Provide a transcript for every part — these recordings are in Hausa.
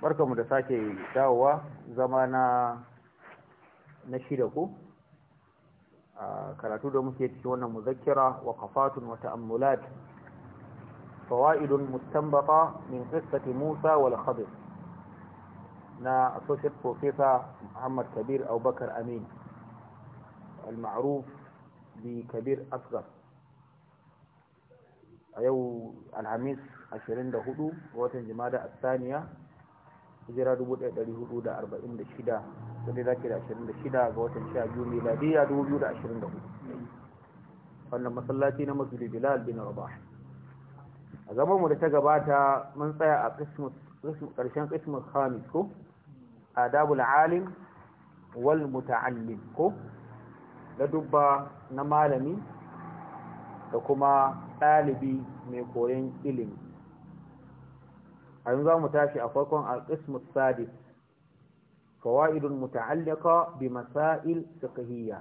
barkamu da sake dawowa zama na na shida a karatu da muke cikin wannan muzakkira wa kafatun wa ta'ammulat fawaidun mustanbata min qissati Musa wal Khadir na associate professor Muhammad Kabir Abubakar Amin al-ma'ruf bi Kabir Asghar a yau alhamis 24 watan jimada saniya. hijira 1446 wanda zaki da 26 ga watan sha 12 miladiya 2024 wannan masallaci na masjid bilal bin rabah a zaman mu da ta gabata mun tsaya a christmas karshen christmas khamis ko adabul alim wal muta'allim ko da dubba na malami da kuma ɗalibi mai koyon ilimi a yanzu za mu tashi a farkon al-qismu sadis فوائد bi masail fiqhiyya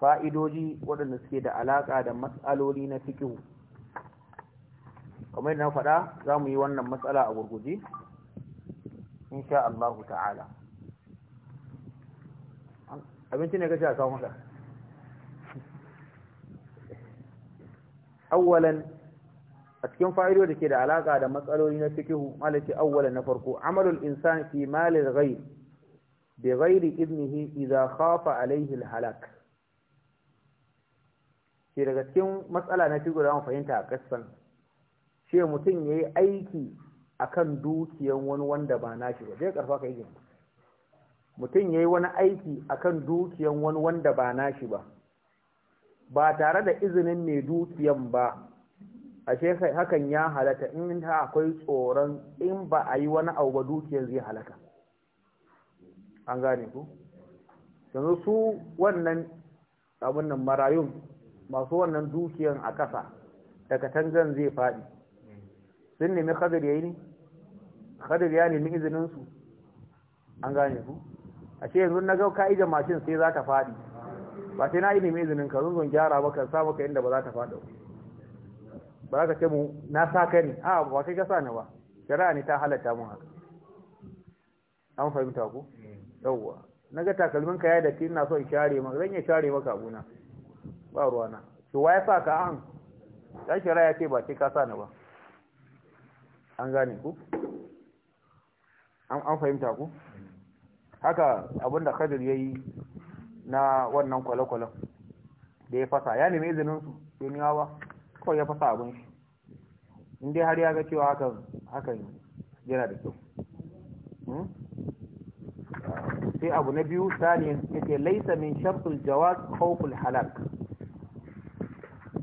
fa'idoji waɗanda suke da alaƙa da matsaloli na fikihu kamar na faɗa za mu yi wannan matsala a gurguje insha Allah ta'ala abinci ne kashi a kawo maka awwalan a cikin fa'ido da ke da alaka da matsaloli na fikihu malaki awwalan na farko amalul insan fi malil ghaib bi ghairi ibnihi idza khafa alayhi al halak ke daga cikin matsala na fikihu da mu fahimta a kasan shi mutum yayi aiki akan dukiyan wani wanda ba nashi ba zai karfa kai mutum yayi wani aiki akan dukiyan wani wanda ba nashi ba ba tare da izinin mai dukiyan ba ashe hakan ya halata in ta akwai tsoron in ba a yi wani abu ba dukiyar zai halaka an gane ku yanzu su wannan abin nan marayun masu wannan dukiyan a ƙasa da katangan zai faɗi sun nemi khadir yayi ne khadir ya nemi izinin su an gane ku ashe yanzu na ga ka'ida mashin sai za ta faɗi ba sai na yi nemi izinin ka zunzun gyara ba kan sa maka inda ba za ta faɗi ba za ka ce mu na sa ka ni? a ba kai ka sa ni ba shari'a ne ta halatta mun haka an fahimta ku yawwa na ga takalmin ka ya da ina so in share ma zan iya share maka abuna ba ruwa na. to waye sa ka an dan shari'a ya ce ba kai ka sa ni ba an gane ku an fahimta ku haka abinda kadir ya yi na wannan kwale-kwalen da ya fasa ya nemi izinin su duniyawa kawai ya fasa abin shi in dai har ya ga cewa hakan hakan yana da kyau hmm? sai abu na biyu saniyan yake laisa min shartul jawaz khawful halak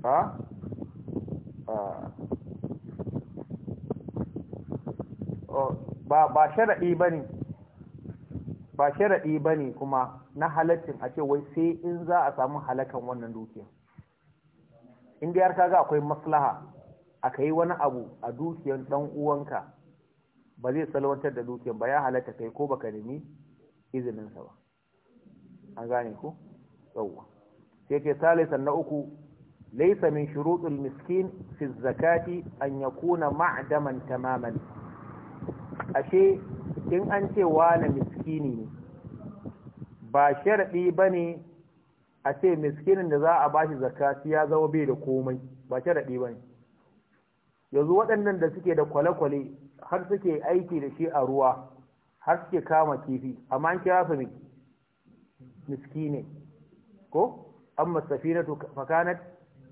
ha ba ba sharadi bane ba sharadi bane kuma na halaccin a ce wai sai in za a samu halakan wannan dukiyar in dai ka ga akwai maslaha aka yi wani abu a dukiyar dan uwanka ba zai salwantar da dukiyar ba ya halatta kai ko baka nemi izinin sa ba an gane ku yawwa sai ke salisan na uku laysa min shurutul miskin fi zakati an yakuna ma'daman tamaman ashe in an ce wani miskini ne ba sharadi bane a ce miskinin da za a bashi zakati ya zama bai da komai ba sharaɗi ba ne yanzu waɗannan da suke da kwale-kwale har suke aiki da shi a ruwa har suke kama kifi amma an kira su miskine ko amma safinatu fakanat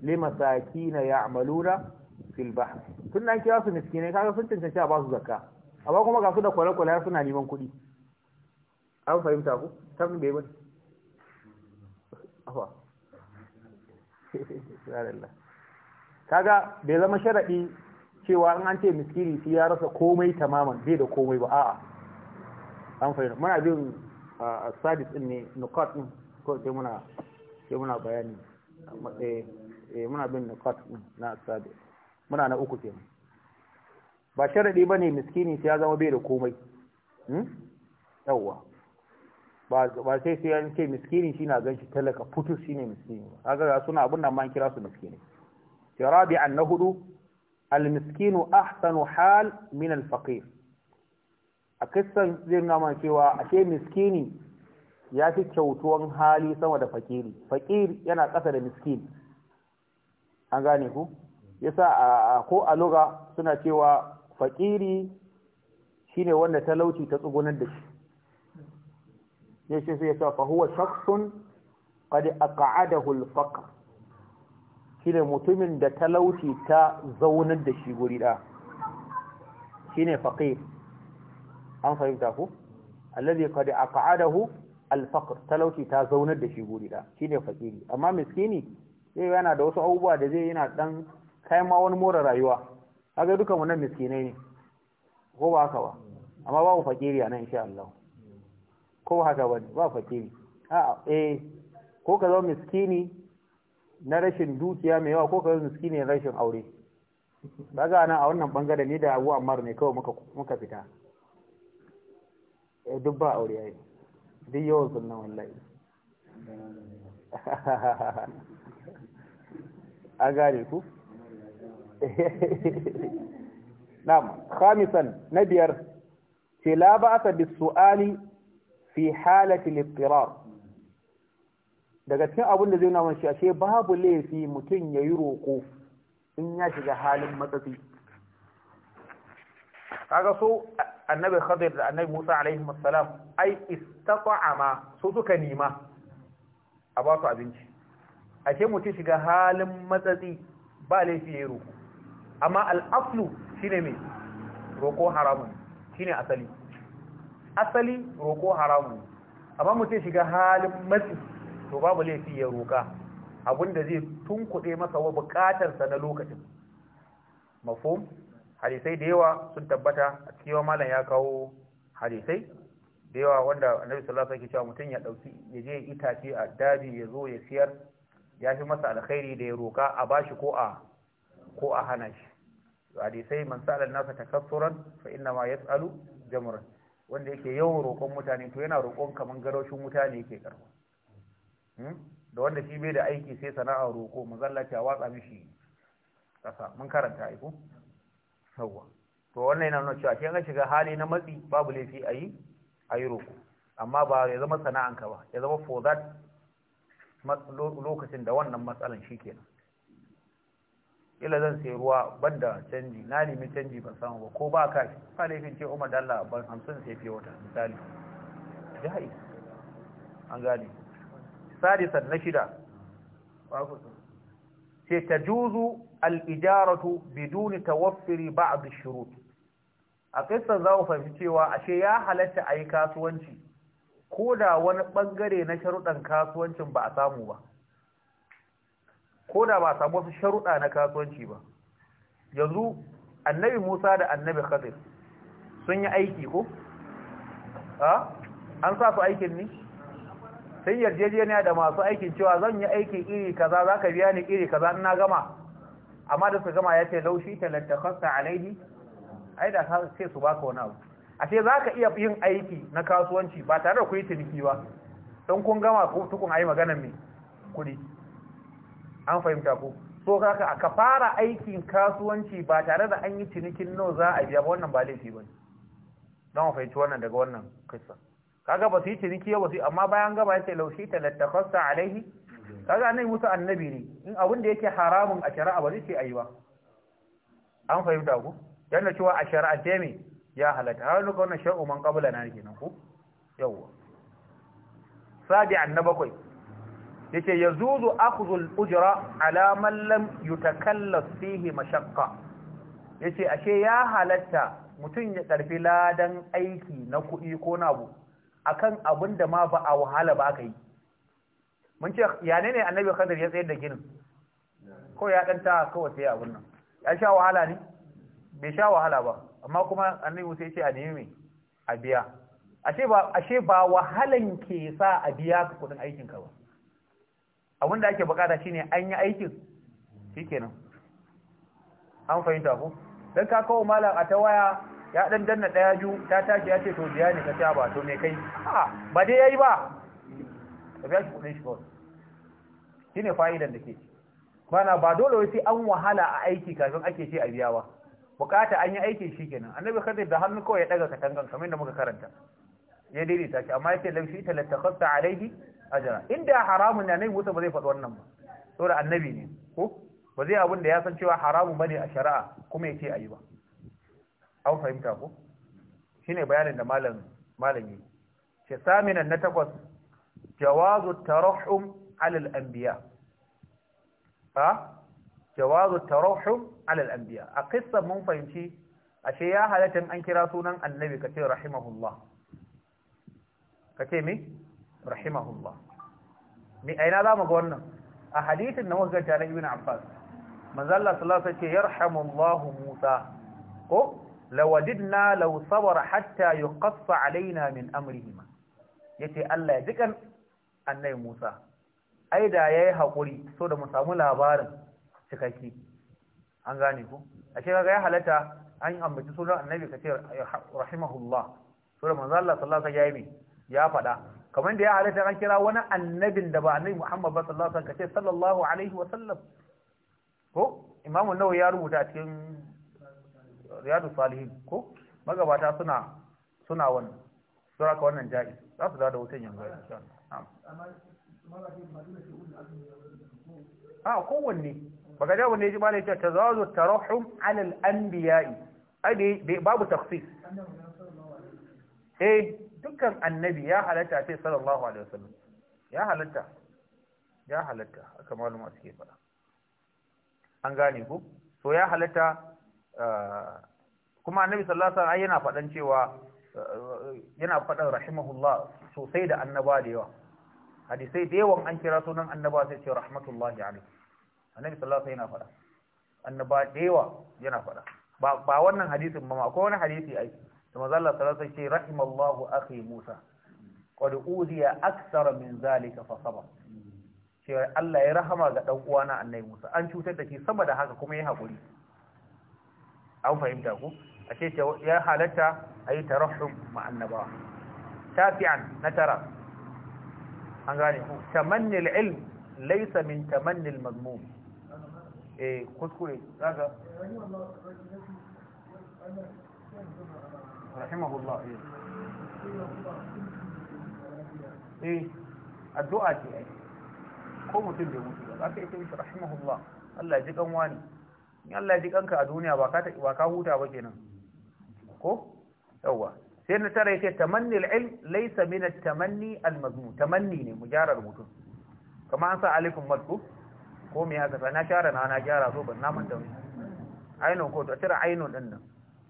limasakina ya'maluna fil Filba. tun an kira su miskine kaga sun cancanci a ba su zakka amma kuma ga su da kwale-kwale suna neman kuɗi an fahimta ku bai bane afa kaga bai zama sharaɗi cewa an an ce miskini shi ya rasa komai tamaman bai da komai ba a'a an fahimta muna bin sadis din ne nukat din ko sai muna sai muna bayani eh muna bin nukat din na sadis muna na uku kenan ba sharaɗi bane miskini shi ya zama bai da komai hmm? yawwa ba sai sai an ce miskini shi na gan shi talaka putus shi ne miskini ga suna abun nan man kira su miskini sai an na hudu almiskinu ahsanu hal min alfaqir a kissan zai nuna mana cewa ashe miskini ya fi kyautuwan hali sama da fakiri fakir yana ƙasa da miskin an gane ku yasa a ko a suna cewa fakiri shine wanda talauci ta tsugunar da shi ne shi sai ya sa fa huwa kadi a aq'adahu al-faqr shine mutumin da talauci ta zaunar da shi guri da shine faqir an fahimta ku alladhi qad aq'adahu al-faqr talauci ta zaunar da shi guri da shine faqiri amma miskini sai yana da wasu abubuwa da zai yana dan kai ma wani more rayuwa A kaga dukan wannan miskinai ne ko ba haka ba amma babu fakiri a nan insha Allah ko haka wani ba fakiri a eh ko ka zama miskini na rashin dukiya mai yawa ko ka zama miskini na rashin aure daga nan a wannan bangare ne da abu ammar ne kawai muka fita eh duk ba aure yayi duk yawan sunna wallahi a gane ku na'am khamisan na biyar ce la ba'sa bis su'ali fi halati liftirar daga cikin abin da zai na shi, ashe babu laifi mutum ya yi roƙo in ya shiga halin matsatsi kaga so annabi khadir da annabi musa alaihi assalam ai ma so suka nima a ba su abinci ashe mutum shiga halin matsatsi ba laifi ya yi roƙo amma al'aflu shine mai roƙo haramun shine asali asali roko haramu amma mutum shiga halin matsi to babu laifi ya roka abinda zai tunkuɗe masa wa buƙatarsa na lokacin mafhum hadisai da yawa sun tabbata a cikin malam ya kawo hadisai da yawa wanda annabi sallallahu alaihi wasallam cewa mutum ya dauki ya je itace a daji ya zo ya siyar ya fi masa alkhairi da ya roka a bashi ko a ko a hana shi hadisai man sa'ala nasa takassuran fa inna ma yas'alu jamran wanda yake yawan roƙon mutane to yana roƙon kamar garaushin wuta ne yake karɓa hmm? da wanda shi bai da aiki sai sana'a roƙo mazallaci a watsa mishi ƙasa mun karanta aiko sauwa to wannan yana nuna cewa ke an shiga hali na matsi babu laifi a yi a yi roƙo amma ba ya zama sana'anka ba ya zama for that lokacin da wannan matsalan shi kenan ila zan sai ruwa banda canji na nemi canji ba samu ba ko ba ka ba laifin ce umar Allah ban hamsin sai fiye wata misali jahi an gane sadisan na shida sai ta juzu al'ijaratu biduni tawaffiri ba'd shurut a kisan za ku fahimci cewa ashe ya halatta a yi kasuwanci ko da wani ɓangare na sharuɗan kasuwancin ba a samu ba ko da ba samu wasu sharuɗa na kasuwanci ba yanzu annabi Musa da annabi Khadir sun yi aiki ko a an sa su aikin ne sai yarjejeniya da masu aikin cewa zan yi aiki iri kaza za ka biya ni iri kaza ina gama amma da su gama ya ce laushi ta a alaihi ai da ka ce su baka wani abu a ce za ka iya yin aiki na kasuwanci ba tare da ku yi ciniki ba don kun gama ko tukun ayi maganar mai kuɗi an fahimta ku. so kaka aka fara aikin kasuwanci ba tare da an yi cinikin nawa za a biya ba wannan ba laifi bane don fahimci wannan daga wannan kissa kaga ba su yi ciniki ba su amma bayan gaba ce laushi ta lattakhassa alaihi kaga annabi Musa annabi ne in abin da yake haramun a shari'a ba zai ce ayi ba an fahimta ku yana cewa a shari'a ce me ya halatta har nuka wannan shar'u man qabla na kenan ku yawwa sabi annabakwai yace yazuzu akhdhu ujra ala man lam yutakallaf fihi mashaqqa yace ashe ya halatta mutum ya karfi ladan aiki na kuɗi ko na abu akan abin da ma ba a wahala ba kai yi mun ce ya ne annabi khadir ya tsayar da ginin ko ya danta kawai sai abin nan ya sha wahala ne bai sha wahala ba amma kuma annabi sai ce a nemi a biya ashe ba ashe ba wahalan ke sa a biya kudin aikin ka ba abin da ake bukata shine an yi aikin shikenan an fahimta ko dan ka kawo malam a ta waya ya dan danna daya ju ta tashi ya ce to biya ne ka ta ba to me kai a ba dai yayi ba ka biya shi kudin shi kawai shine fa'idan da ke bana ba dole wai sai an wahala a aiki kafin ake ce a biya ba bukata an yi aiki shikenan annabi khadir da hannu kawai ya daga katangan kamar da muka karanta ya daidaita shi amma yake lafi ta latakhasta alaihi ajra inda haramun ne annabi Musa ba zai faɗi wannan ba saboda annabi ne ko ba zai abin da ya san cewa haramun bane a shari'a kuma yace ayi ba an fahimta ko shine bayanin da malam malami ce saminan na takwas jawazu tarahum ala al-anbiya ha jawazu tarahum ala al-anbiya a qissa mun fahimci ashe ya halatin an kira sunan annabi ka kace rahimahullah ce me rahimahullah mi aina za mu ga wannan a hadisin na waganta na ibn abbas manzo Allah sallallahu alaihi wasallam ce yarhamullahu musa ko lawadidna law sabara hatta yuqaffa alaina min amrihima yace Allah ya dukan annai musa ai da yayi hakuri so da mu samu labarin cikakki an gane ku ashe kaga ya halata an ambaci sunan annabi kace rahimahullah sura manzo Allah sallallahu alaihi wasallam ya faɗa kamar da ya halatta an kira wani annabin da ba annabi Muhammad ba sallallahu alaihi wasallam kace sallallahu alaihi wasallam ko imamu nawawi ya rubuta cikin riyadu salihin ko magabata suna suna wannan sura ka wannan ja'i za su dawo da wutan yanzu insha Allah a kowanne baka ja wanne ji malai ta tazazu tarahum ala al-anbiya'i ai babu takhsis eh dukkan annabi ya halatta sai sallallahu alaihi wasallam ya halatta ya halatta aka maluma suke fara an gane ku so ya halatta ah, kuma annabi sallallahu alaihi wasallam yana fadan cewa ah, yana fadan rahimahullah sosai da annaba da yawa hadisai da yawan an kira sunan annaba sai ce rahmatullahi alaihi annabi sallallahu alaihi wasallam yana faɗa annaba da yawa yana faɗa ba wannan hadisin ba ma akwai wani hadisi ai da manzo Allah sallallahu alaihi wasallam ce rahimallahu akhi Musa qad udiya akthara min zalika fa sabar cewa Allah ya rahama ga dan uwana Annabi Musa an cutar da shi sama da haka kuma ya hakuri an fahimta ku a ce ya halatta ayi tarahum ma annabawa tafi'an na tara an gane ku tamanni al-ilm laysa min tamanni al-mazmum eh kuskure kaga rahimahullah eh. eh addu'a ce ai ko mutum bai mutu za ka yi ta mishi Allah ji kan wani Allah ji kanka a duniya ba ka ba huta ba kenan ko yawa sai na tare yake tamanni al-ilm laysa tamanni al-mazmum tamanni ne mujarar mutum kamar an sa alifin madku ko na share na na gyara so ban ko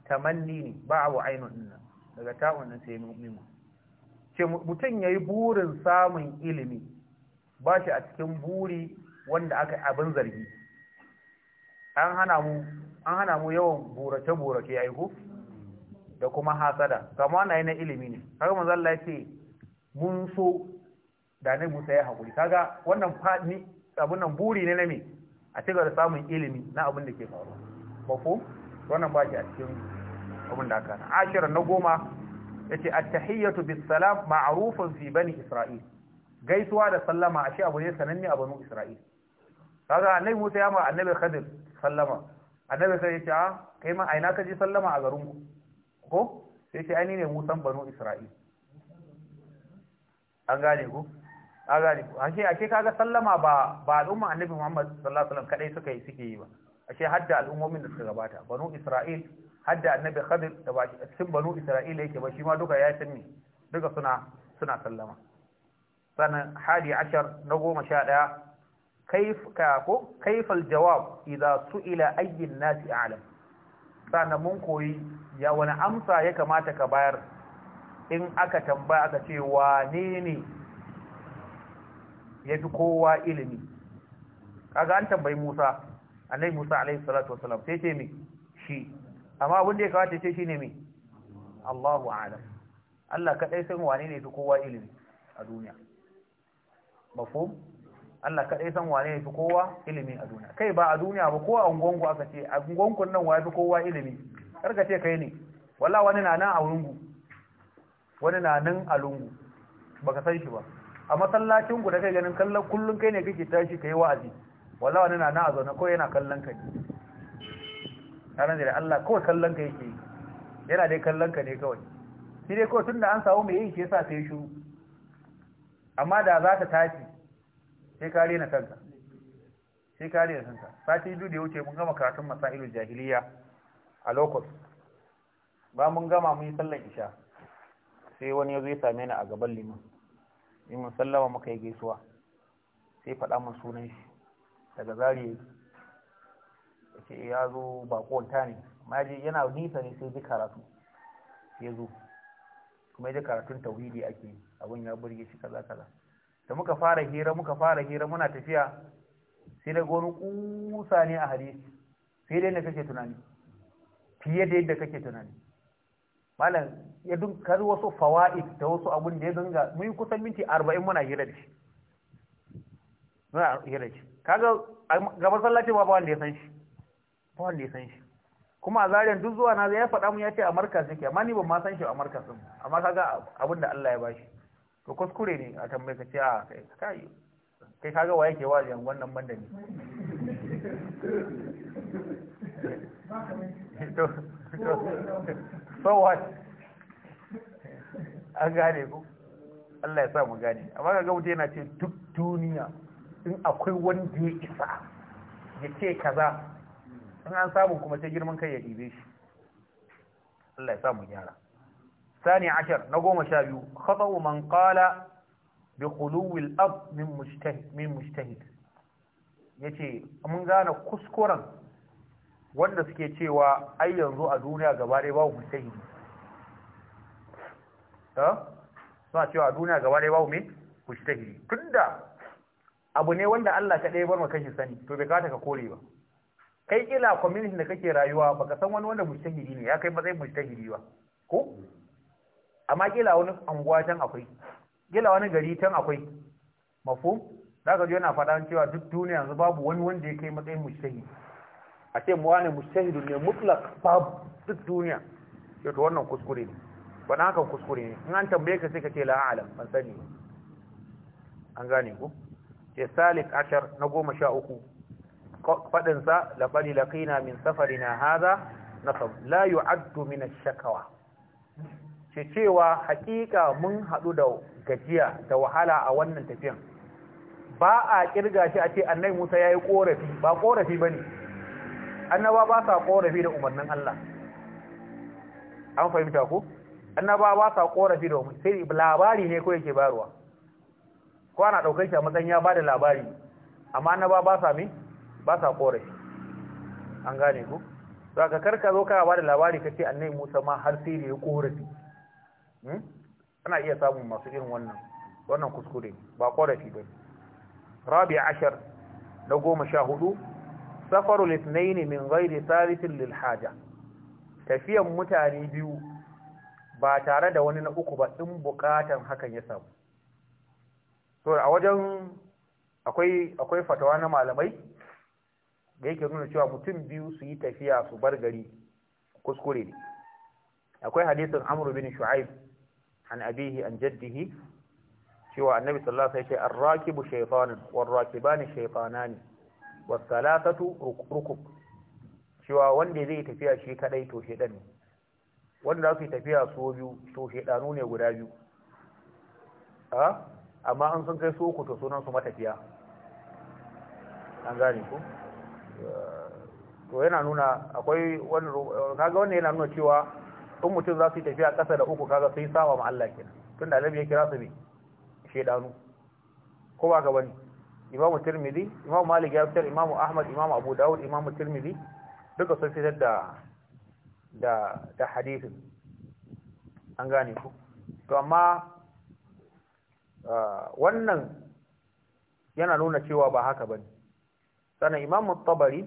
tamanni ne ba a ainihin dinnan daga ta'un nan sai mu? ce mutum yayi burin samun ilimi ba shi a cikin buri wanda aka abin zargi an hana mu an hana mu yawan burace burace yayi ko da kuma hasada kama na yi na ilimi ne kaga manzo Allah yace mun so da ne Musa ya hakuri kaga wannan fadi abun nan buri ne na me a cigaba da samun ilimi na abin da ke faruwa Ba ko wannan ba shi a cikin abin da aka ashirin na goma ya ce attahiyyatu bisalam ma'arufin fi bani isra'il gaisuwa da sallama ashe abu ne sananne a banu isra'il kaga annabi musa ya ma annabi khadir sallama annabi sai ya ce a ah, kai ma aina ka ji sallama a garin ko sai ce ai ne musan banu isra'il an gane ku an gane ku ashe ashe kaga sallama ba ba al'umma annabi muhammad sallallahu alaihi wasallam kadai suka yi suke yi ba ashe hadda al'ummomin da suka gabata banu isra'il hadda annabi khadir da ba cikin banu isra'ila yake ba shi ma duka ya sanni duka suna suna sallama sannan hadi ashar na goma sha ɗaya kaif ka ko kaifal jawab idza su'ila ayyin nasi a'lam sana mun koyi ya wani amsa ya kamata ka bayar in aka tambaya aka ce wane ne yafi kowa ilimi kaga an tambayi Musa annabi Musa alaihi salatu wasalam sai ce me shi amma abin da ya kawata ce ne me Allahu a'lam Allah kadai san wane ne fi kowa ilimi a duniya mafhum Allah kadai san wane ne fi kowa ilimi a duniya kai ba a duniya ba ko a ungonku aka ce a ungonku nan wa fi kowa ilimi karka ce kai ne walla wani na nan a lungu wani na nan a lungu baka san shi ba a masallacin ku da kai ganin kallon kullun kai ne kake tashi kai wa'azi walla wani na nan a zaune ko yana kallon kai ranar da Allah kawai kallon ka yake yana dai kallon ka ne kawai shi dai kawai tunda an samu mai yin shi yasa sai shu amma da za ta tashi sai ka rena kanka sai ka rena kanka sati biyu da ya wuce mun gama karatun masailul jahiliya a lokos ba mun gama mun yi sallar isha sai wani ya zo ya same ni a gaban liman in mun sallama muka yi gaisuwa sai faɗa mun sunan shi daga zariya sai ya zo wata ne amma je yana nisa ne sai ji karatu ya zo kuma ji karatun tauhidi ake abin ya burge shi kaza kaza da muka fara hira muka fara hira muna tafiya sai da gonu kusa ne a hadisi sai da yadda kake tunani fiye da yadda kake tunani malam ya dunkar wasu fawaid da wasu abun da ya ganga mun kusan minti arba'in muna hira da shi muna hira da shi kaga gaban sallaci ba wanda ya san shi ba ya san shi kuma a zariyan duk zuwa na ya faɗa mun ya ce a markas yake amma ni ban ma san shi a markas din amma kaga abin da Allah ya bashi to kuskure ne a tambaye ka ce a ah, kai kai kai kaga wa yake wajen wannan banda ne so what an gane ku Allah ya sa mu gane amma kaga mutum yana ce duk duniya in akwai wanda ya isa ya ce kaza in an samu kuma sai girman kai ya ɗibe shi Allah ya samu gyara sani ashar na goma sha biyu khata'u man qala bi khuluwil ab min mujtahid min mujtahid yace mun gane kuskuren wanda suke cewa ai yanzu a duniya gaba dai babu mujtahidi ta suna cewa a duniya gaba dai babu me mujtahidi tunda abu ne wanda Allah ka ɗaya bar maka shi sani to bai kata ka kore ba kai kila community da kake rayuwa baka san wani wanda mujtahidi ne ya kai matsayin mujtahidi ba ko amma kila wani anguwa can akwai kila wani gari can akwai mafhum zaka ji yana faɗa cewa duk duniya yanzu babu wani wanda ya kai matsayin mujtahidi a ce mu wani mujtahidi ne mutlak babu duk duniya to wannan kuskure ne wannan hakan kuskure ne in an tambaye ka sai ka ce la a'lam ban sani an gane ku Ke salik ashar na goma sha uku faɗinsa laɓari laƙina min na haza nasab la yu'addu min shakawa ce cewa haƙiƙa mun haɗu da gajiya da wahala a wannan tafiyan ba a kirga shi a ce annabi Musa yayi korafi ba korafi bane annaba ba sa korafi da umarnin Allah an fahimta ko annaba ba sa korafi da umarnin sai labari ne ko yake baruwa ko ana daukar shi a matsayin ya bada labari amma annaba ba sa me ba sa korafi an gane ku za ka karka zo ka ba da labari ka ce annai musa ma har sai da ya korafi hmm? ana iya samun masu irin wannan wannan kuskure ba korafi ba rabi ashar na goma sha hudu safarul ithnaini min ghairi thalithin lil haja tafiyan mutane biyu ba tare da wani na uku ba in bukatan hakan ya samu to a wajen akwai akwai fatawa na malamai da yake nuna cewa mutum biyu su yi tafiya su bar gari kuskure ne akwai hadisin amru bin shu'aib an abihi an jaddihi cewa annabi sallallahu alaihi wasallam ya ce ar-rakibu shaytanun war-rakibani shaytanani was salatu rukub cewa wanda zai tafiya shi kadai to shedan ne wanda zai tafiya so biyu to shedanu ne guda biyu amma an san kai so ku to sunan su matafiya an gane ku. to yana nuna akwai wani kaga wannan yana nuna cewa in mutum za su yi tafiya ƙasa da uku kaga sai sawa ma Allah kenan tun da Annabi ya kira su ne shedanu ko ba ka bane Imam Tirmidhi Imam Malik ya fitar Imam Ahmad Imam Abu Dawud Imam Tirmidhi duka sun fitar da da da hadisin an gane ku to amma ah, wannan yana nuna cewa ba haka bane sannan Imam tabari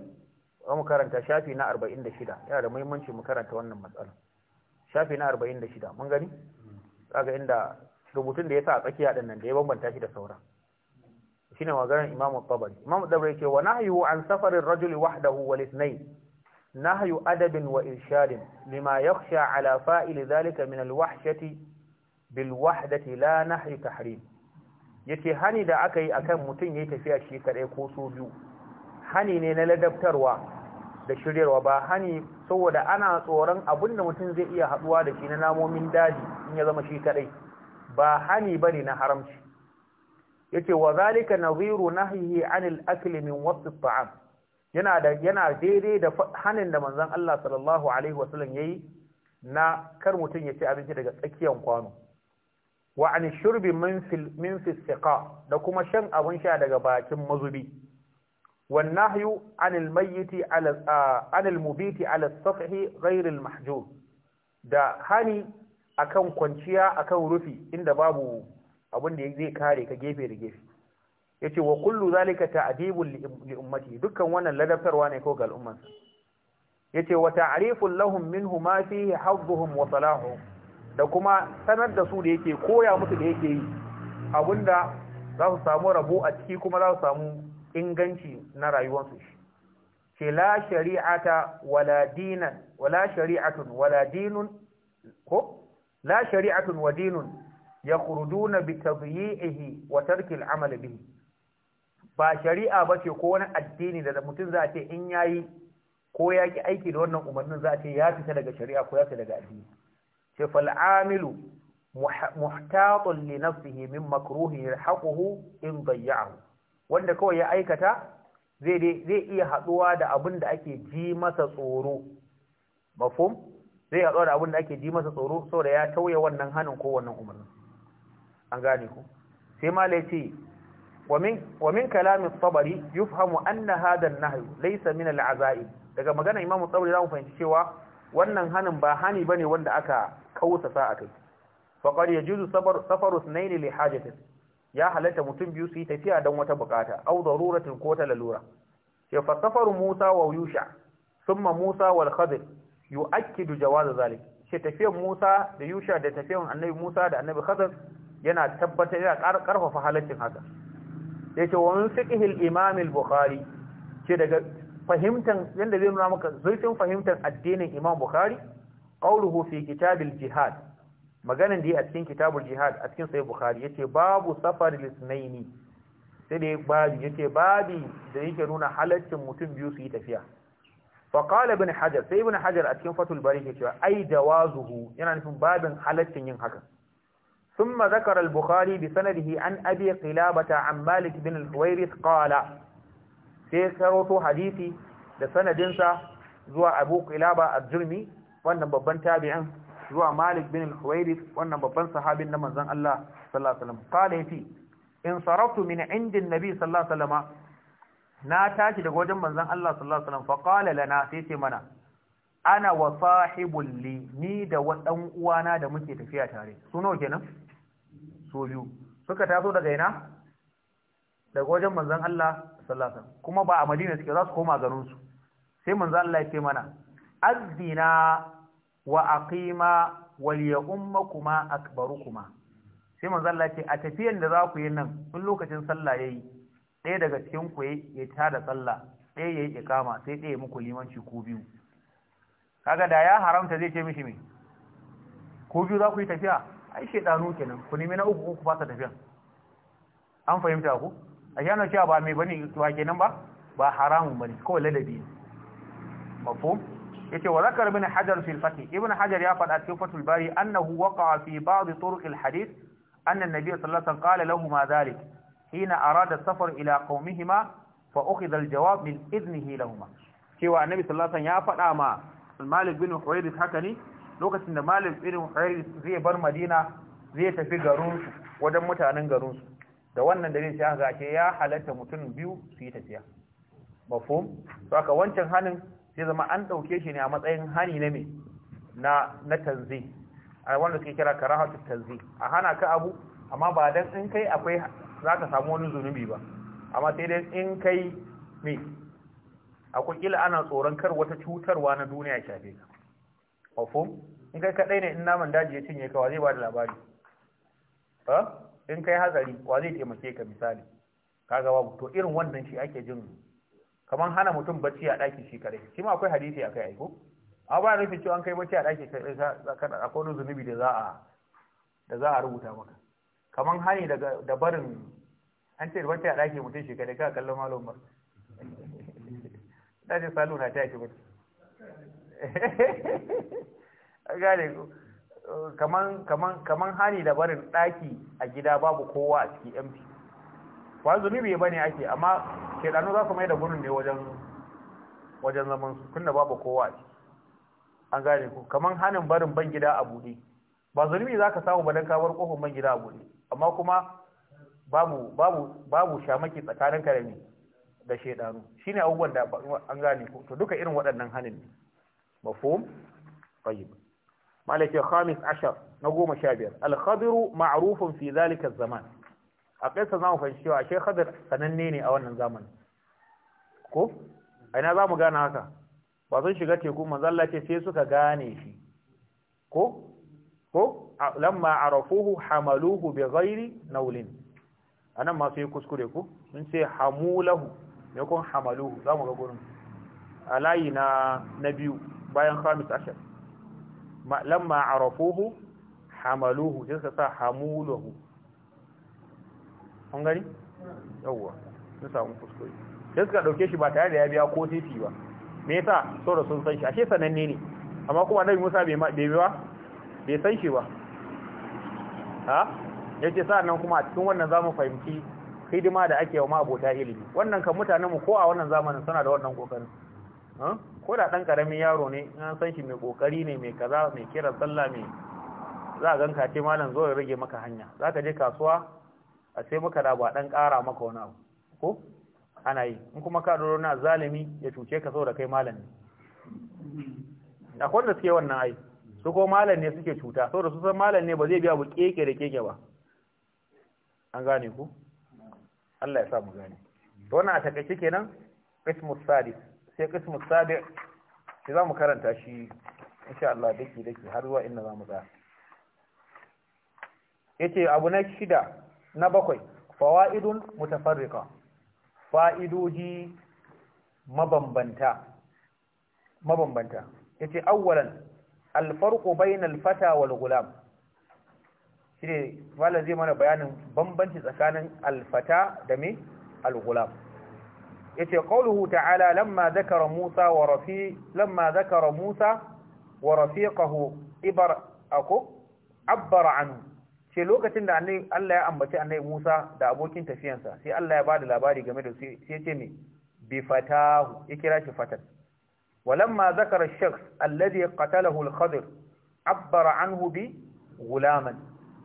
za mu karanta shafi na 46 yana da muhimmanci mu karanta wannan matsala shafi na 46 mun gani kaga inda rubutun da ya sa a tsakiya din nan da ya bambanta shi da sauran shine maganar Imam tabari Imam tabari ce wa nahyu an safarin rajuli wahdahu wal wa نهي Lima وإرشاد لما يخشى على فائل ذلك من الوحشة بالوحدة لا نهي تحريم yace hani da aka yi akan mutum yayi tafiya shi kadai ko so biyu hani ne na ladabtarwa da shiryarwa ba hani saboda ana tsoron abin da mutum zai iya haduwa da shi na namomin daji in ya zama shi kaɗai, ba hani ba ne na haramci yace wa zalika naziru nahyihi anil akli min wasu ta'am yana da yana daidai da hanin da manzon Allah sallallahu alaihi wasallam yayi na kar mutum ya ci abinci daga tsakiyar kwano wa an shurbi min fil min da kuma shan abin sha daga bakin mazubi والنهي عن الميت على عن المبيت على السطح غير da hani akan kwanciya akan rufi inda babu abin da zai kare ka gefe da gefe yace wa kullu zalika ta'dibun li ummati dukkan wannan ladabtarwa ne ko ga al'umman yace wa ta'rifun lahum minhu ma fihi hadduhum wa da kuma sanar da su da yake koya musu da yake yi abinda za su samu rabo a ciki kuma za su samu inganci na rayuwarsu ce la shari'ata wala dinan wala shari'atun wala dinun ko la shari'atun wa dinun bi tabyi'ihi wa tarki al'amal bihi ba shari'a bace ko wani addini da mutum za ce in yayi ko ya ƙi aiki da wannan umarnin za ce ya fita daga shari'a ko ya fita daga addini ce fal amilu muhtatun li nafsihi min makruhi yalhaquhu in dayya'ahu wanda kawai ya aikata zai zai iya haduwa da abin da ake ji masa tsoro mafhum zai haduwa da abin da ake ji masa tsoro saboda ya tauye wannan hanin ko wannan umarni an gane ku sai malai ce wa min kalamin tabari yufhamu anna hadha an-nahyu laysa min al daga magana imamu tabari za mu fahimci cewa wannan hanin ba hani bane wanda aka kausa sa akai faqad yajuzu safarus sunayn li hajatin ya halatta mutum biyu su yi tafiya don wata bukata au daruratin ko ta lalura ya fasafaru Musa wa Yusha thumma Musa wal Khadir yu'akkidu jawaz zalik shi tafiyar Musa da Yusha da tafiyar Annabi Musa da Annabi Khadir yana tabbatar ya karfafa halaccin haka yace wa min fiqhil Imam al-Bukhari shi daga fahimtan yanda zai nuna maka zurfin fahimtan addinin Imam Bukhari qawluhu fi kitabil jihad maganan da ya a cikin kitabul jihad a cikin sai bukhari yace babu safar lisnaini sai da babu yace babu da yake nuna halaccin mutum biyu su yi tafiya fa qala ibn hajar sai ibn hajar a cikin fatul bari yake cewa ai jawazuhu yana nufin babin halaccin yin haka ثم ذكر البخاري بسنده عن أبي قلابة عن مالك بن الحويرث قال سيكرت حديثي لسندنسا زوى أبو a الجرمي wannan babban تابعا zuwa Malik bin al-Huwairith wannan babban sahabin na manzon Allah sallallahu alaihi wasallam qala in saraftu min indin nabi sallallahu alaihi wasallam na tashi daga wajen manzon Allah sallallahu alaihi wasallam fa qala lana sai ce mana ana wa sahibul li ni da wadan uwana da muke tafiya tare su nawa kenan so biyu suka taso daga ina daga wajen manzon Allah sallallahu alaihi wasallam kuma ba a Madina suke za su koma garin su sai manzon Allah ya ce mana azdina wa aqima wal ya'ummakuma akbarukuma sai manzo Allah ce a tafiyan da za ku yi nan in lokacin sallah yayi ɗaya daga cikin ku ya tada sallah ɗaya yayi ikama sai ɗaya muku limanci ku biyu kaga da ya haramta zai ce mishi me ku biyu za ku yi tafiya ai shedanu kenan ku nemi na uku ku fasa tafiyan an fahimta ku a shano cewa ba mai bane to kenan ba ba haramun bane kawai ladabi mafhum yace wa zakar ibn hajar fil fath ibn hajar ya faɗa cikin fatul bari annahu waqa'a fi ba'd turuq al hadith anna an-nabiy sallallahu alaihi wasallam qala lahumā dhalik hina arada safar ila qaumihima fa ukhidha al-jawab min idnihi lahumā cewa annabi sallallahu alaihi wasallam ya faɗa ma malik bin huwairith haka ne lokacin da malik bin huwairith zai bar madina zai tafi garin su wajen mutanen garin su da wannan dalilin sai aka ga ya halatta mutum biyu su yi tafiya mafhum saka wancan hanin sai zama an ɗauke shi ne a matsayin hani na me na na tanzi a wanda suke kira hatu tanzi a hana ka abu amma ba dan in kai akwai za ka samu wani zunubi ba amma sai dan in kai me akwai ila ana tsoron kar wata cutarwa na duniya shafe ka mafhum in kai kaɗai ne in naman daji ya cinye ka wa zai ba da labari in kai hazari wa zai taimake ka misali kaga babu to irin wannan shi ake jin kamar hana mutum bacci a ɗaki shi kare shi ma akwai hadisi akai aiko amma ba nufin cewa an kai bacci a ɗaki kai akwai wani zunubi da za a da za a rubuta maka kamar hani daga da barin an ce bacci a ɗaki mutum shi kare kaka kallon malon ba da ce salo na ta ki gane ku kaman hani da barin ɗaki a gida babu kowa a ciki empty ba zunubi ba ne ake amma shaidanu za su mai da gudun ne wajen zaman su babu kowa ce an gane ku kaman hannun barin ban gida a buɗe ba zunubi za ka samu ba don kawar ƙofin ban gida a buɗe amma kuma babu shamaki tsakanin karami da shaidanu shi shaidanu shine abubuwan da an gane ku to duka irin waɗannan hannun ne mafhum tayyib malaka khamis ashar na goma sha biyar al ma'arufin fi zalika zaman a ƙasa za mu fahimci cewa ashe khadir sananne ne a wannan zamani ko a ina za mu gane haka ba sun shiga teku manzo ce sai suka gane shi ko ko lamma arafuhu hamaluhu bi ghairi A anan ma sai kuskure ku sun ce hamulahu ne kun hamaluhu za mu ga gurin alayi na na biyu bayan khamis ashar lamma arafuhu hamaluhu sai suka sa hamuluhu an gani yawwa sun samu kuskure sai suka dauke shi ba tare da ya biya ko titi ba me yasa da sun san shi ashe sananne ne amma kuma annabi Musa bai bai biwa bai san shi ba ha yace nan kuma a cikin wannan zamu fahimci hidima da ake wa abota ilimi wannan kan mutanen mu ko a wannan zamanin suna da wannan kokarin ko da ɗan ƙaramin yaro ne an san shi mai ƙoƙari ne mai kaza mai kiran sallah mai za a ganka ce malam zo ya rage maka hanya za ka je kasuwa a sai muka da ba dan ƙara maka wani abu ko ana yi in kuma ka doro na zalimi ya cuce ka saboda kai malami akwai da suke wannan ai su ko malam ne suke cuta saboda su san malam ne ba zai biya bu keke da keke ba an gane ku Allah ya sa mu gane to wannan a takaice kenan qismus sadis sai qismus sadis sai mu karanta shi insha Allah dake dake har zuwa inda zamu ga yace abu na shida na bakwai fawa'idun mutafarrika fa'idoji mabambanta mabambanta yace awwalan alfarqu bainal fata wal gulam shine wala zai mana bayanin bambanci tsakanin alfata da me al yace qawluhu ta'ala lamma zakara Musa wa rafi lamma zakara Musa wa rafiqahu ibar aku abbara anhu Sai lokacin da Allah ya ambaci annabi Musa da abokin tafiyansa sai Allah ya bada labari game da su sai ce me bi fatahu ya kira shi fatan walamma zakara ash-shakhs alladhi qatalahu al-khadir abbara anhu bi gulaman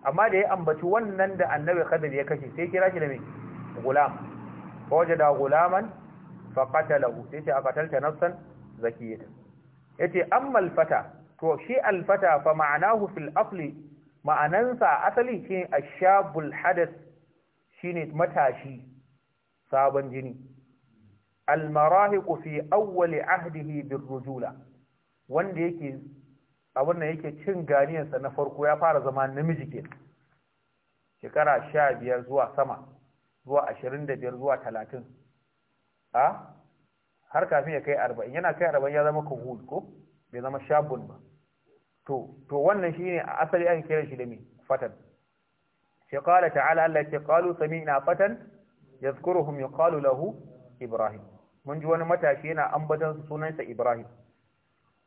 amma da ya ambaci wannan da annabi khadir ya kashe sai kira shi da me gulam fa da gulaman fa qatalahu sai ce aqatalta nafsan zakiyatan yace amma al-fata to shi al-fata fa ma'anahu fil asli ma'anansa asali ce ashabul hadath shine matashi sabon jini almarahiqu fi awwali ahdihi rujula wanda yake a yake cin ganiyarsa na farko ya fara zama namiji ke shekara sha biyar zuwa sama zuwa ashirin da biyar zuwa talatin ah? har kafin ya kai arba'in yana kai arba'in ya zama kuhul ko bai zama shabun ba to to wannan shine asali an kira shi da me fatan sai qala ta'ala Allah ya qalu sami'na fatan yadhkuruhum yuqalu lahu ibrahim mun ji wani matashi yana ambatan sunansa ibrahim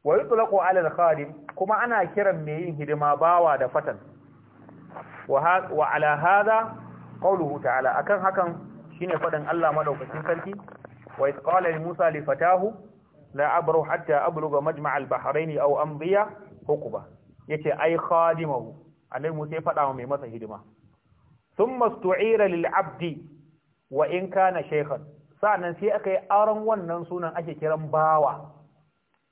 wa yutlaqu 'ala al-khadim kuma ana kiran mai yin hidima bawa da fatan wa 'ala hadha qawluhu ta'ala akan hakan shine fadan Allah madaukakin sarki wa iz li musa li fatahu la abru hatta abluga majma' al-bahrayn aw amdiya ba yace ai khadimahu annabi Musa ya fada wa mai masa hidima thumma stu'ira lil abdi wa in kana shaykhan sa'annan sai aka yi aron wannan sunan ake kiran bawa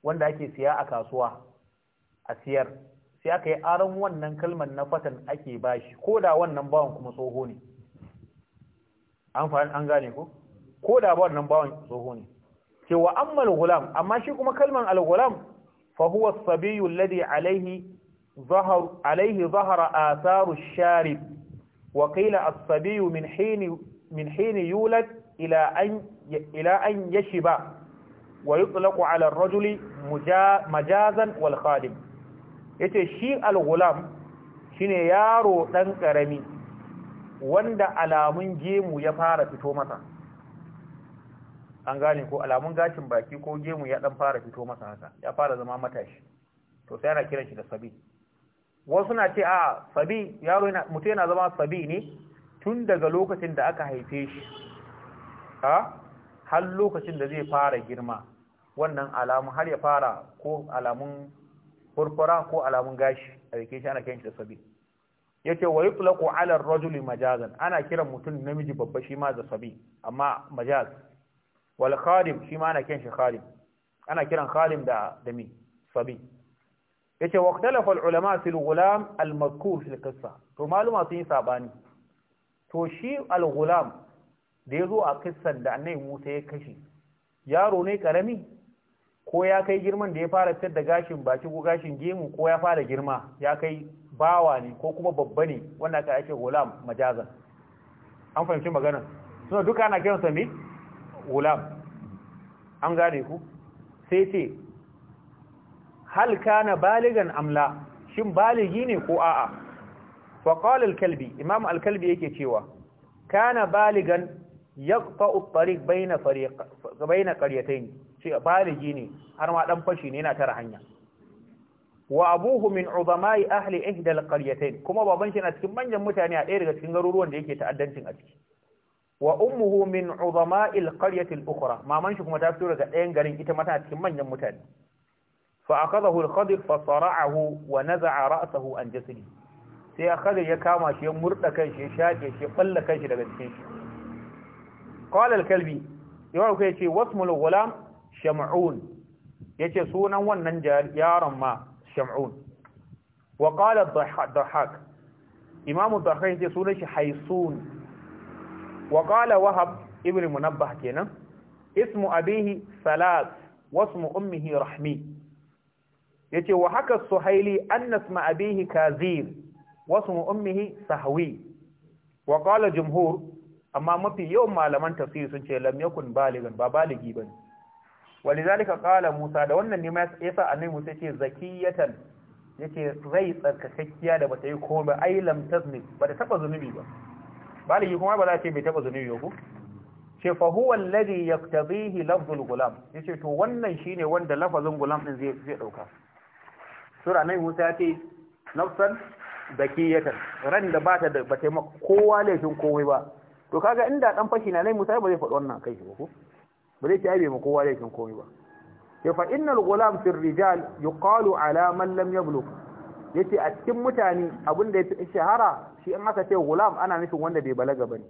wanda ake siya a kasuwa a siyar sai aka yi aron wannan kalmar na fatan ake bashi ko da wannan bawan kuma tsoho ne an fa an gane ko ko da wannan bawan tsoho ne cewa ammal gulam amma shi kuma kalmar al-gulam fa huwa as-sabiyyu alladhi alayhi ظهر عليه ظهر آثار الشارب وقيل الصبي من حين من حين يولد إلى أن إلى أن يشب ويطلق على الرجل مجازا والخادم yace shi al-gulam shine yaro dan karami wanda alamun gemu ya fara fito masa an gane ko alamun gashin baki ko gemu ya dan fara fito masa haka ya fara zama matashi to sai ana kiran shi da sabi wasu na ce a sabi yaro yana mutum yana zama sabi ne tun daga lokacin da aka haife shi ha har lokacin da zai fara girma wannan alamun har ya fara ko alamun furfura ko alamun gashi a jikin shi ana kiran shi da sabi yace wa yutlaqu ala ar-rajuli majazan ana kiran mutum namiji babba shi ma da sabi amma majaz wal khadim shi ma ana kiran shi khadim ana kiran khadim da da mi sabi yace waqtalafa al ulama fil gulam al mazkur fil qissa to maluma sun yi sabani to shi al gulam da yazo a kissan da annabi Musa ya kashi yaro ne karami ko ya kai girman da ya fara fitar da gashin baki ko gashin gemu ko ya fara girma ya kai bawa ne ko kuma babba ne wanda aka ake gulam majazan an fahimci maganar suna duka ana kiransa me gulam an gane ku sai ce hal kana baligan amla shin baligi ne ko a'a fa qala al-kalbi imam al-kalbi yake cewa kana baligan yaqta al tariq bayna fariq bayna qaryatayn shi baligi ne har ma dan fashi ne yana tara hanya wa abuhu min udama'i ahli ihda al-qaryatayn kuma baban shi na cikin manyan mutane a daya daga cikin garuruwan da yake ta'addancin a ciki wa ummuhu min uzama'il qaryati al-ukhra maman shi kuma ta fito daga ɗayan garin ita mata cikin manyan mutane fa akhadahu al-khadir fa sara'ahu wa naza'a ra'sahu an jasadi sai khadir ya kama shi ya murda kan shi ya shake shi balla kan shi daga cikin shi qala al-kalbi yawar kai ce wasmul gulam sham'un yace sunan wannan yaron ma sham'un wa qala ad-dhahhak imamu ad yace sunan shi haisun. waƙala wahab ibn munabbah kenan ismu abihi salat wasmu ummihi rahmi yace wa haka suhaili anna isma kazir wasmu ummihi sahwi Waƙala jumhur amma mafi yawan malaman tafsiri sun ce lam yakun baligan ba baligi bane walizalika qala musa da wannan ne yasa annabi musa yace zakiyatan yace rai tsarkakakkiya da bata yi komai ai lam tazni bata taba zunubi ba baligi kuma ba za a ce bai taba zunubi ba ko ce fa huwa alladhi yaqtadihi lafzul gulam yace to wannan shine wanda lafazin gulam din zai zai dauka sura nan Musa ya ce nafsan zakiyatan ran da bata da bata ma kowa laifin komai ba to kaga inda dan fashi na nai Musa ba zai faɗi wannan kai shi ba ko ba zai ce ma kowa laifin komai ba ce fa innal gulam fil rijal yuqalu ala man lam yablugh yace a cikin mutane abin da yafi shahara shi in aka ce gulam ana nufin wanda bai balaga bane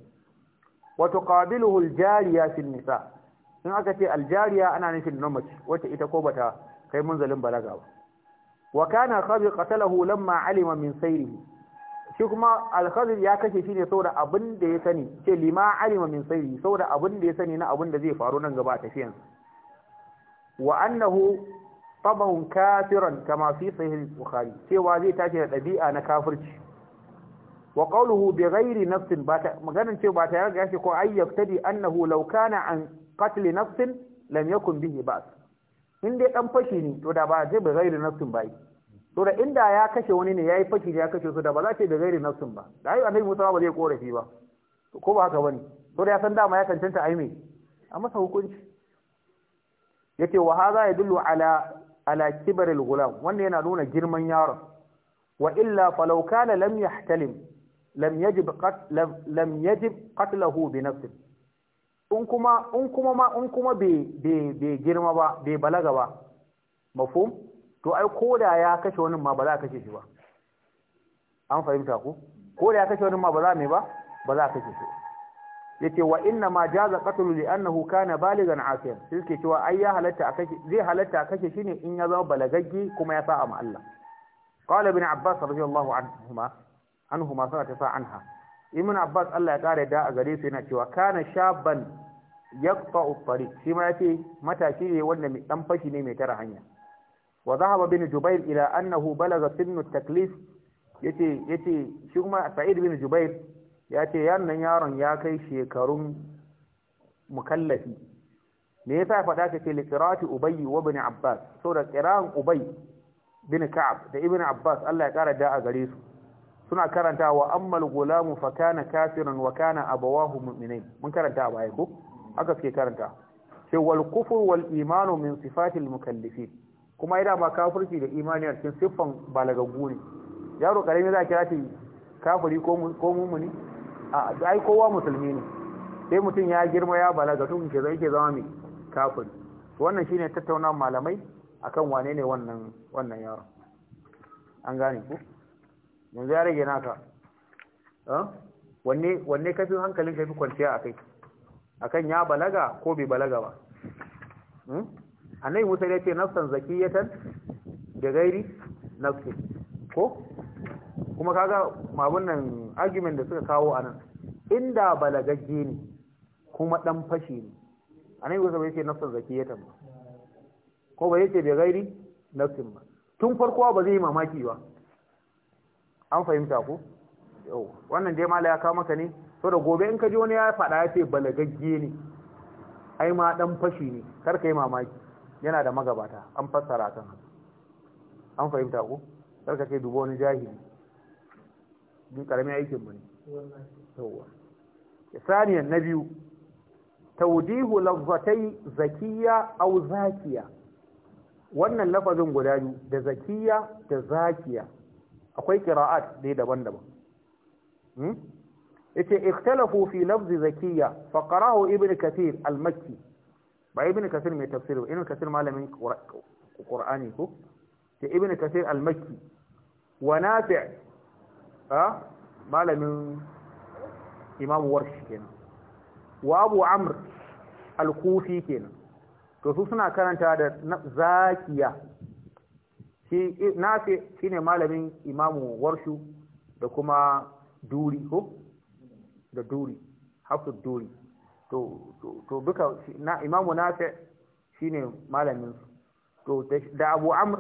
Wato tuqabiluhu aljariya fil nisa in aka ce aljariya ana nufin namace wacce ita ko bata kai munzalin balaga ba wa kana khabir qatalahu lamma alima min sayrihi shi kuma alkhazir ya kashe shi ne saboda abin da ya sani ce lima alima min sayri saboda abin da ya sani na abin da zai faru nan gaba a tafiyan wa annahu taban kafiran kama fi sahih bukhari cewa zai tashi da dabi'a na kafirci wa qawluhu bi ghairi nafsin ba ta maganin cewa ba ta yarda yake ko ay yaftadi annahu law kana an qatl nafsin lam yakun bihi ba's in dai dan fashi ne to da ba zai bi ghairi nafsin ba to da inda ya kashe wani ne yayi fashi ya kashe su da ba za ta bi ghairi nafsin ba da an annabi Musa ba zai korafi ba ko ba haka bane to da ya san dama ya cancanta ai me a masa hukunci yake wa haza yadullu ala ala kibaril gulam wannan yana nuna girman yaron wa illa falau kana lam yahtalim lam yajib qat lam yajib qatluhu bi nafsi in kuma in kuma ma in kuma bai girma ba be balaga ba mafhum to ai koda ya kashe wani ma ba za ka kashe shi ba an fahimta ko koda ya kashe wani ma ba za mai ba ba za ka kashe shi yace wa inna ma jaza qatlu li annahu kana baligan asiyan sai suke cewa ai ya halatta akake zai halatta akake shine in ya zama balagaggi kuma ya sa'a ma Allah qala ibn abbas radiyallahu anhuma anhuma sana ta sa anha ibn abbas Allah ya kare da a gare su yana cewa kana shaban yaqta'u tariq shi ma yace matashi ne wanda mai dan fashi ne mai tara hanya wa dhahaba bin jubair ila annahu balaga sinnu taklif yace yace shi kuma sa'id bin jubair ya ce yannan yaron ya kai shekarun mukallafi me yasa faɗa ka ce liqirati ubay wa ibn abbas da qira'an ubay bin ka'ab da ibn abbas Allah ya kara da a gare su suna karanta wa ammal gulamu fa kana kafiran wa kana abawahu mu'minai mun karanta a baya ko haka suke karanta sai wal kufur wal iman min sifatil mukallifin kuma idan ma kafirci da imani a cikin siffan balagaggu ne yaro ƙarami za kira shi kafiri ko ko mumuni a ai kowa musulmi ne sai mutum ya girma ya balaga tun ke zai ke zama mai kafin wannan shine tattauna malamai akan wane ne wannan wannan yaron an gane ku yanzu ya rage naka wanne wanne kafin hankalin fi kwanciya akai akan ya balaga ko bai balaga ba hmm? annabi Musa ya ce nafsan zakiyatan da gairi nafsi ko kuma kaga mabun nan argument da suka kawo anan inda balagagge ne kuma dan fashi ne A nan yau zai ce zaki ya ba ko ba yake bai gairi nafsin ba tun farko ba zai yi mamaki ba an fahimta ko yau wannan dai mala ya kawo maka ne to da gobe in ka ji wani ya faɗa ya ce balagagge ne ai ma dan fashi ne kar ka yi mamaki yana da magabata an fassara kan an fahimta ko kar ka ce dubo wani jahili duk karamin aikin mu ne yawa saniyan na biyu tawdihu lafzatai zakiya aw zakiya wannan lafazin guda biyu da zakiya da zakiya akwai qira'at ne daban-daban hmm yace ikhtalafu fi lafzi zakiya fa ibn kathir al-makki ba ibn kathir mai tafsir ba ibn kathir malamin ƙur'ani ko ibn kathir al-makki wa nafi' malamin imamu warshi kenan wa abu amr al-kufi kenan to su suna karanta da zakiya shi nafi shine malamin imamu warshu da kuma duri ko da duri hafsud duri to to duka na imamu nafi shine malamin su to da abu amr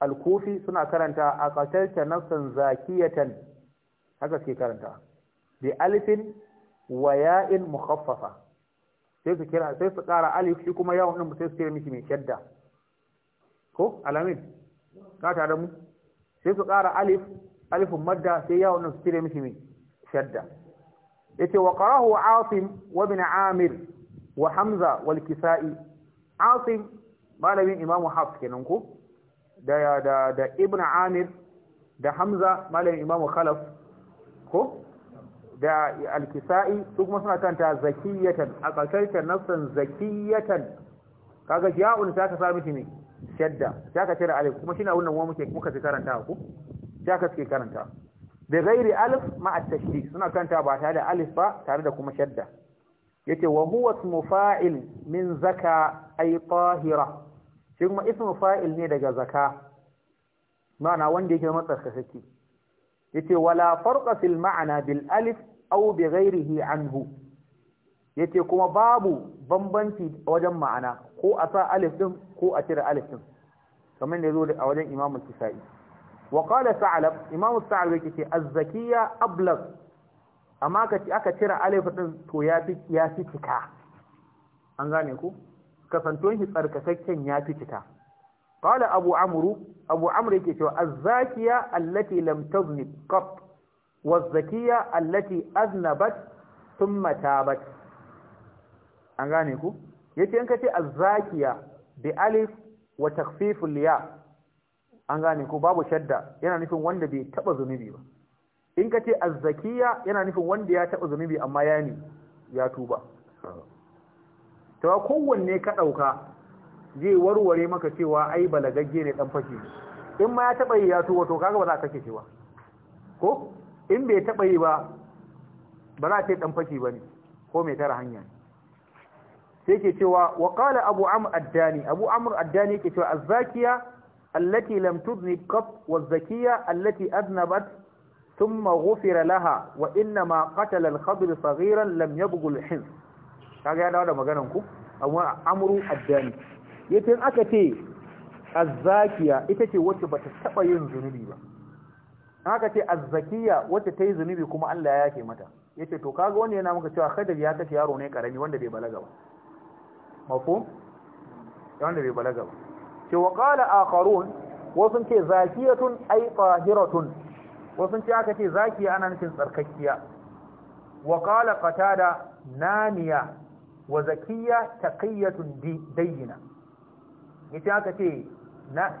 Alkufi suna karanta a qatalta nafsan zakiyatan haka suke karanta bi alifin wa ya'in mukhaffafa sai su kira sai su ƙara alif shi kuma yawon din sai su kira miki mai shadda ko alamin ka tare mu sai su ƙara alif alifin madda sai yawon din su kira miki mai shadda yace wa qarahu asim wa ibn amir wa hamza wal kisa'i asim malamin imamu hafs kenan ko da da da ibn amir da hamza malam imamu khalaf ko da al-kisa'i su kuma suna kanta zakiyatan a ƙarshen nassan zakiyatan kaga ya'un ta ka sami shi ne shadda ta ka tira alif kuma shine wannan wa muke muka ci karanta ku ta ka ci karanta bi ghairi alif ma at-tashdid suna kanta ba tare da alif ba tare da kuma shadda yace wa huwa ismu fa'il min zaka ay tahira shi kuma ismu fa'il ne daga zaka ma'ana wanda yake Ya yace wala farqa fil ma'ana bil alif aw bi ghairihi anhu yace kuma babu bambanci wajen ma'ana ko a sa alif din ko a cire alif din kamar da zo a wajen Imam Kisai wa qala sa’alab Imam sa’alab yake ce az-zakiyya ablagh amma aka cire alif din to ya fi cika an gane ku kasantuwan shi tsarkakakken ya fi fita qala abu Amuru, abu Amuru yake cewa a zakiya allati lam taznib qat waz-zakiya allati aznabat thumma tabat an gane ku yace in ce a zakiya bi alif wa takhfif ya an gane ku babu shadda yana nufin wanda bai taba zunubi ba in ce a zakiya yana nufin wanda ya taba zunubi amma ya ne ya tuba ta kowanne ka dauka zai warware maka cewa ai balagagge ne dan fashi in ma ya taba yi ya tuwo to kaga ba za ka kace cewa ko in bai taba yi ba ba za ka ce ɗan fashi bane ko mai tara hanya sai ke cewa wa qala abu amr addani abu amr addani ke cewa azzakiya allati lam tudni qat wa zakiya allati adnabat thumma ghufira laha wa inma qatala al-khadr saghiran lam yabghu al kaga ya dawo da maganan ku amma amru addani yace aka ce azzakiya ita ce wacce bata taba yin zunubi ba aka ce azzakiya wacce ta yi zunubi kuma Allah ya yake mata yace to kaga wani yana maka cewa khadir ya kashe yaro ne karami wanda bai balaga ba mafhum wanda bai balaga ba ce wa qala akharun wasu ce zakiyatun ay tahiratun wasu ce aka ce zakiya ana nufin tsarkakkiya wa qala qatada naniya wa zakiyya taqiyatun dayyina ita aka ce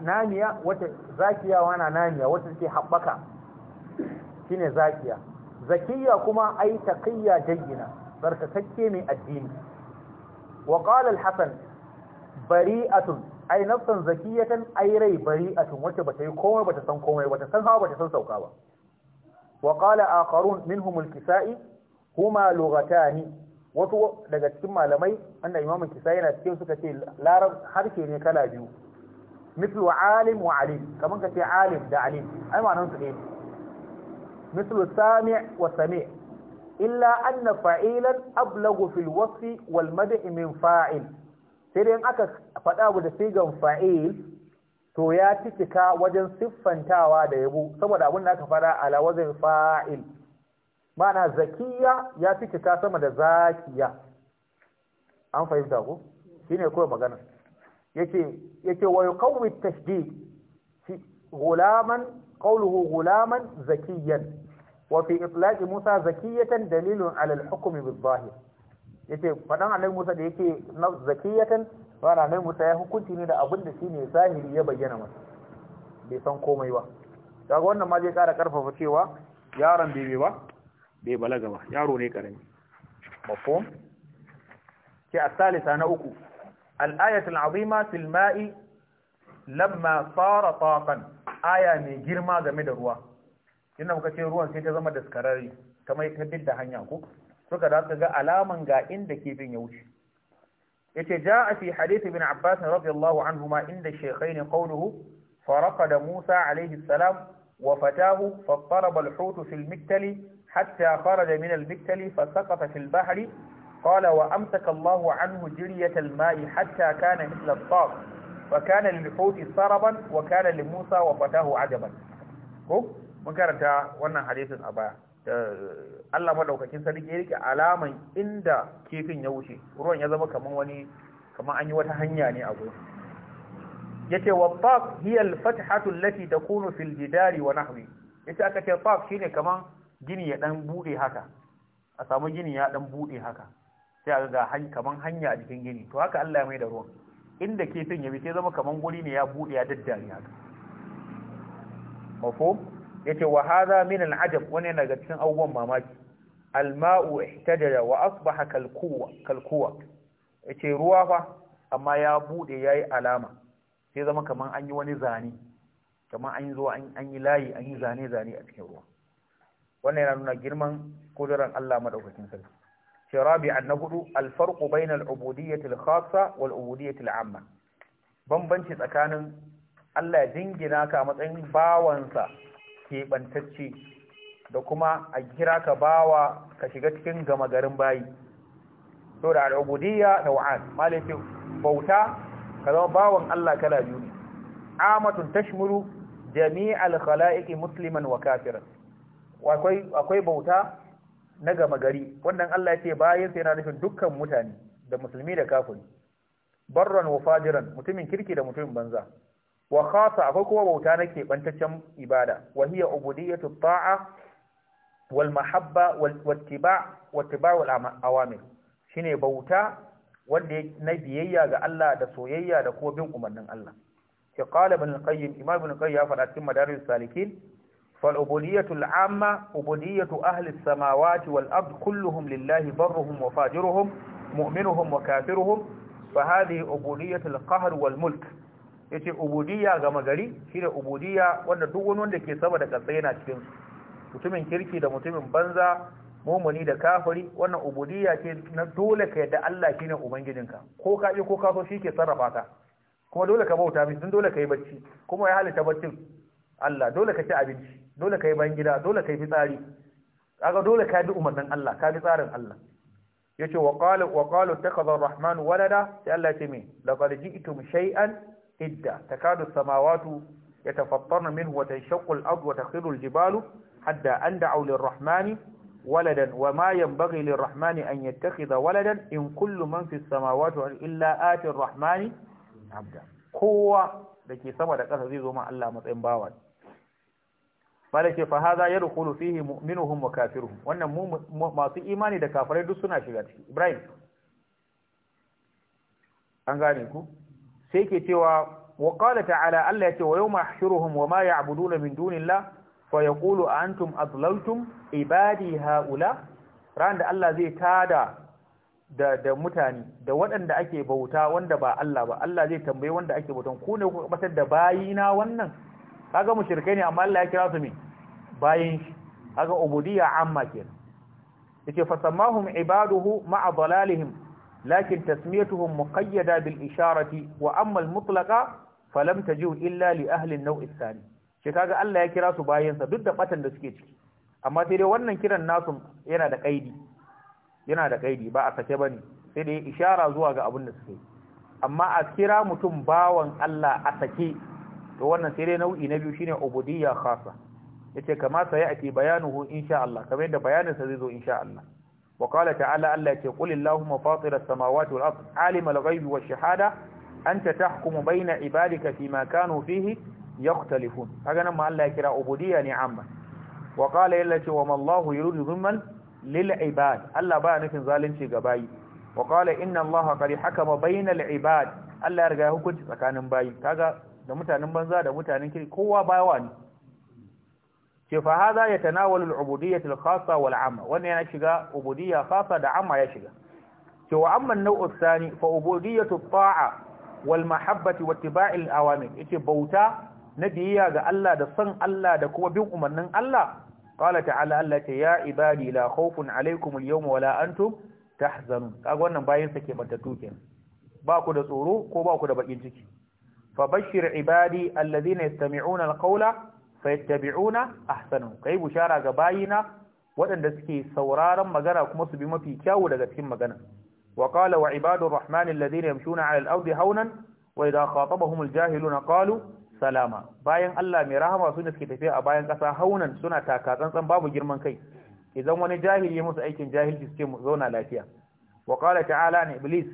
naniya wata zakiya wana naniya wata ce haɓaka shine zakiya Zakiya kuma ai taqiyya dayyina barkatacce mai addini wa qala al-hasan bari'atun ai nafsan zakiyatan ai rai bari'atun wacce bata yi komai bata san komai bata san hawa bata san sauka ba wa qala akharun minhum al-kisa'i huma lughatani wasu daga cikin malamai wanda imamun kisa yana cikin suka ce larab harshe ne kala biyu mislu alim wa alim kamar ka ce alim da alim ai nan su ne mislu sami wa sami illa anna fa'ilan ablagu fil wasfi wal mad'i min fa'il sai dai aka faɗa abu da sigan fa'il to ya cika wajen siffantawa da yabo saboda abin da aka fara ala wajen fa'il ma'ana zakiya ya fi cika sama da zakiya an fahimta ko shine kawai magana yake yake wa yuqawwi tashdid fi gulaman qawluhu gulaman zakiyan wa fi Musa zakiyatan dalilun ala al-hukm bil-zahir yace fadan annabi Musa da yake zakiyatan fara annabi Musa ya hukunci ne da abin da shine zahiri ya bayyana masa bai san komai ba daga wannan ma zai kara karfafa cewa yaron bebe ba bai balaga ba yaro ne karami mafhum a asalisa na uku al azima silma'i ma'i lamma sara aya mai girma game da ruwa inda muka ce ruwan sai ta zama daskarari ta mai ta da hanya ku? suka da ga alaman ga inda kifin ya wuce yace a fi hadith ibn abbas radiyallahu anhuma inda kauluhu qawluhu da musa alayhi salam wa fatahu fattaraba balhutu fil mittali حتى خرج من المكتل فسقط في البحر قال وأمسك الله عنه جرية الماء حتى كان مثل الطاق وكان للحوت سربا وكان لموسى وفتاه عجبا ko mun karanta wannan hadisin a baya Allah maɗaukacin sarki yake alaman inda kifin ya wuce ruwan ya zama kaman wani kaman an yi wata hanya ne a gurin yace wa taq hiya al-fathatu allati takunu fil wa nahwi yace aka shine kaman gini ya dan bude haka a samu gini ya dan bude haka sai a ga kaman hanya a jikin gini to haka Allah ya mai da ruwan inda ke ya bi sai zama kaman guri ne ya bude ya daddare haka mafhum yace wa hadha min al-ajab wani daga cikin abubuwan mamaki al-ma'u ihtajara wa asbaha kal-quwa kal-quwa yace ruwa fa amma ya bude yayi alama sai zama kaman an yi wani zane kaman an zo an yi layi an yi zane zane a cikin ruwa wannan yana nuna girman kudurar Allah madaukakin sarki shi na hudu alfarku bainal ubudiyyati al-khassa wal ubudiyyati al-amma bambanci tsakanin Allah ya jingina ka matsayin bawansa keɓantacce da kuma a kira ka bawa ka shiga cikin gama garin bayi to da al'ubudiyya da wa'an malafi bauta ka zama bawan Allah kala biyu amatun tashmuru jami'al khala'iqi musliman wa kafiran akwai bauta na gama gari wannan Allah ya ce bayan sai yana nufin dukkan mutane da musulmi da kafiri barran wa fajiran mutumin kirki da mutumin banza wa khasa akwai kuma bauta na bantaccen ibada wa hiya ubudiyatu ta'a wal mahabba wal tiba wa tiba wal awamir shine bauta wanda na biyayya ga Allah da soyayya da kuma bin umarnin Allah ke qala ibn al-qayyim imam ibn qayyim ya faɗa cikin madarij salikin فالعبودية العامة عبودية أهل السماوات والأرض كلهم لله برهم وفاجرهم مؤمنهم وكافرهم فهذه عبودية القهر والملك yace ubudiyya ga magari shine ubudiyya wanda duk wani wanda ke sama da kasa yana cikin mutumin kirki da mutumin banza mumuni da kafiri wannan ubudiyya ce na dole ka yadda Allah shine ubangijinka ko ka ko ka so ke sarrafa ka kuma dole ka bauta mishi dole ka yi bacci kuma ya halitta baccin Allah dole ka ci abinci dole kai bayan gida dole yi fitsari kaga dole ka bi umarnin Allah ka bi tsarin Allah yace wa qala wa qala ar-rahman walada sai Allah ce me laqad ji'tum shay'an idda takadu as-samawati yatafattarna minhu wa tanshaqqu al-ardu wa takhiru al-jibalu hatta an da'u lir-rahmani ولدا وما ينبغي للرحمن أن يتخذ ولدا إن كل من في samawatu إلا آتي الرحمن عبدا قوة da ke sama da ƙasa zai zo ma Allah matsayin bawa malake fa hadha yadkhulu fihi mu'minuhum wa kafiruhum wannan mu masu imani da kafirai duk suna shiga ciki Ibrahim an gane ku sai ke cewa wa qala ta'ala Allah ce wa yawma ahshuruhum wa ma ya'buduna min dunillah fa yaqulu antum adlaltum ibadi haula ran da Allah zai tada da da mutane da waɗanda ake bauta wanda ba Allah ba Allah zai tambaye wanda ake bautan ku ne ku batar da bayina wannan kaga mushrikai ne amma Allah ya kira su me bayin shi kaga ubudiyya amma kenan yace fasammahum ibaduhu ma'a dalalihim lakin tasmiyatuhum muqayyada bil isharati wa amma al mutlaqa falam tajiu illa li ahli an naw' athani shi kaga Allah ya kira su bayin sa duk da batan da suke ciki amma sai dai wannan kiran nasu yana da kaidi yana da kaidi ba a sake bane sai dai ishara zuwa ga abin da suke amma a kira mutum bawan Allah a sake to wannan sai dai nau'i na biyu shine ubudiyya khassa yace kamata ya ake bayanuhu insha Allah kamar yadda bayanin sa zai zo insha Allah wa qala ta'ala Allah yace qul illahumma fatir as-samawati wal ard alim ghaibi wash-shahada anta tahkumu bayna ibadika fima kanu fihi yakhtalifun kaga nan ma Allah ya kira ubudiyya ni'amma wa qala yace wa ma yuridu dhulman lil ibad Allah ba nufin zalunci ga bayi wa qala inna Allah qad hakama bayna al-ibad Allah ya riga hukunci tsakanin bayi kaga da mutanen banza da mutanen kiri kowa bawa ne ce fa ya yatanawalu al-ubudiyyah al-khassa wal yana shiga ubudiyya khassa da amma ya shiga ce wa amma an sani fa ubudiyyatu at wal mahabbati wa ittiba' al-awamir bauta na biyayya ga Allah da san Allah da kuma bin umarnin Allah qala ta'ala Allah ta ya ibadi la khawfun alaykum al-yawma wa la antum tahzanun kaga wannan bayin sa ke batattu kenan ba ku da tsoro ko ba ku da bakin ciki فبشر ibadi الذين يستمعون القول fayattabi'una احسنه kai بشاره ga bayina wadanda suke sauraron magana kuma su bi mafi kyau daga cikin magana wa qala wa ibadur rahman alladhina yamshuna ala al-ardi hawnan wa idha khatabahum al-jahiluna qalu salama bayan Allah mai rahama su ne suke tafiya a bayan kasa haunan suna taka tsantsan babu girman kai idan wani jahili ya musu aikin jahilci suke zauna lafiya wa qala ta'ala an iblis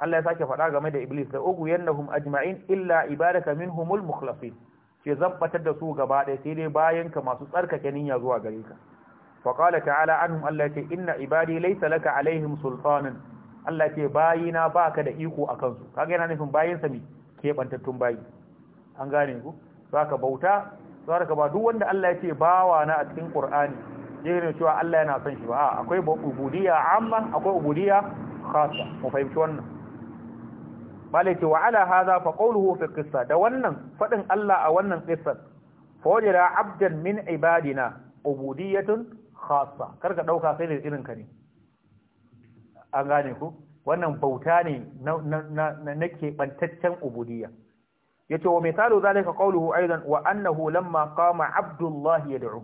Allah ya sake faɗa game da iblis da ugu yannahum ajma'in illa ibadaka minhumul mukhlasin ke zabbatar da su gaba ɗaya sai dai bayan ka masu tsarkake niyya zuwa gare ka fa qala ta'ala anhum Allah ce inna ibadi laysa laka alaihim sultanan Allah ce bayina baka da iko akan su kaga yana nufin bayin sa mi kebantattun bayi an gane ku zaka bauta zaka ba duk wanda Allah ya ce bawa na a cikin Qur'ani yana cewa Allah yana son shi ba akwai ubudiyya amma akwai ubudiyya khassa mu fahimci wannan malaki wa ala hadha fa qawluhu fi qissa da wannan fadin Allah a wannan qissar fawjira abdan min ibadina ubudiyatun khassa karka dauka sai da irin ka ne an gane ku wannan bauta ne na na na ubudiyya yace wa misalu zalika qawluhu aidan wa annahu lamma qama abdullahi yad'u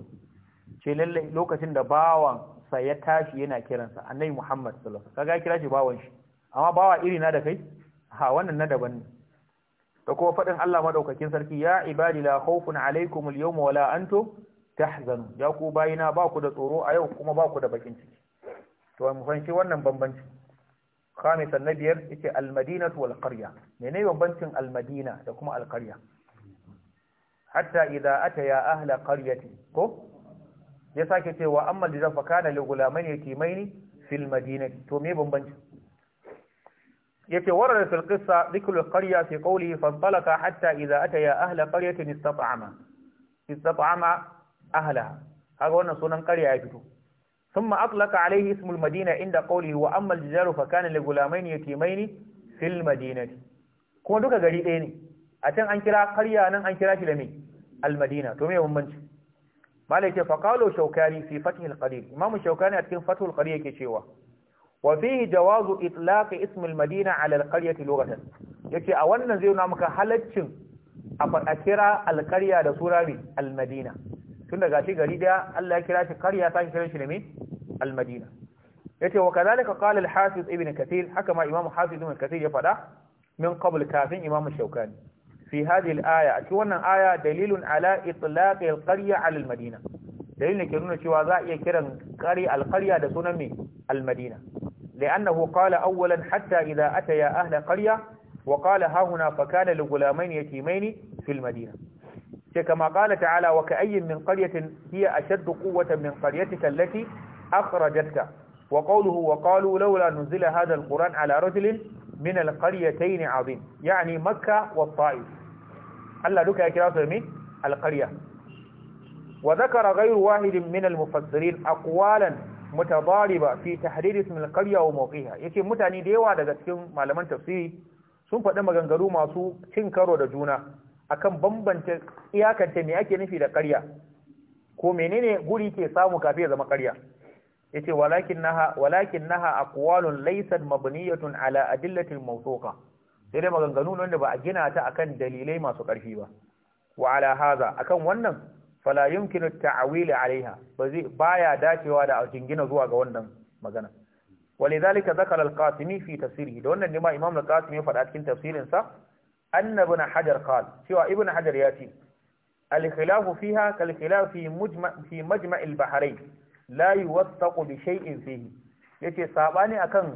ce lalle lokacin da bawan sa ya tashi yana kiransa annabi muhammad sallallahu alaihi wasallam kaga kira shi bawan shi amma bawa iri na da kai ha wannan na daban ne da kuma faɗin Allah madaukakin sarki ya ibadi la khawfun al yawma wala antum tahzanu ya ku bayina ba ku da tsoro a yau kuma ba ku da bakin ciki to mu fanshi wannan bambanci khamisan na biyar al-madinatu wal qarya menene bambancin almadina da kuma al-qarya hatta idza ataya ahla qaryati ko ya sake cewa amma zafa kana li gulamaini yatimaini fil madinati to me bambancin yace warada fil qissa dhikru al fi qawlihi fanṭalaqa hatta idha ataya ahla qaryatin istat'ama istat'ama ahlaha kaga wannan sunan ƙarya ya fito ثم أطلق عليه اسم المدينة عند قوله وأما الجدار فكان لغلامين يتيمين في المدينة kuma duka gari ɗaya ne a can an kira karya nan an kira shi da me madina to me bambanci malai ce faqalu shaukani fi fathil qadir imamu shaukani a cikin fathul qadir yake cewa wa fihi jawazu itlaq ism al-madina ala al yace a wannan zai nuna maka halaccin a kira alƙarya da sura ne tun daga shi gari daya Allah ya kira shi qarya ta kira shi ne me almadina. yace wa kadhalika qala al-hafiz ibn kathir haka ma imam hafiz ibn kathir ya fada min qabl kafin imam shaukani fi hadhihi al-aya a cikin wannan aya dalilun ala itlaq al-qarya ala al-madina dalilin ke nuna cewa za a iya kiran qari al-qarya da sunan me almadina. لأنه قال أولا حتى إذا أتيا أهل قرية وقال ها هنا فكان لغلامين يتيمين في المدينة كما قال تعالى وكأي من قرية هي أشد قوة من قريتك التي أخرجتك وقوله وقالوا لولا نزل هذا القرآن على رجل من القريتين عظيم يعني مكة والطائف ألا لك يا كراسة من القرية وذكر غير واحد من المفسرين أقوالا mutadariba fi tahrir ism qarya wa mawqiha yace mutane da yawa daga cikin malaman tafsiri sun faɗi maganganu masu cin karo da juna akan bambanta iyakanta me ake nufi da ƙarya ko menene guri ke samu kafi ya zama ƙarya yace walakin naha walakin naha aqwalun laysat mabniyatun ala adillati mawthuqa sai dai maganganu ne wanda ba a gina ta akan dalilai masu ƙarfi ba wa ala haza akan wannan fala yumkinu ta'wil alaiha bazi baya dacewa da jingina zuwa ga wannan magana walidhalika zakara al-qasimi fi tafsirihi da wannan ne ma imam al-qasimi ya fada cikin tafsirin sa anna ibn hajar qala cewa ibn hajar ya ce al-khilaf fiha kal khilaf fi mujma fi majma' al-bahrayn la yuwaththaqu bi shay'in fihi yace sabani akan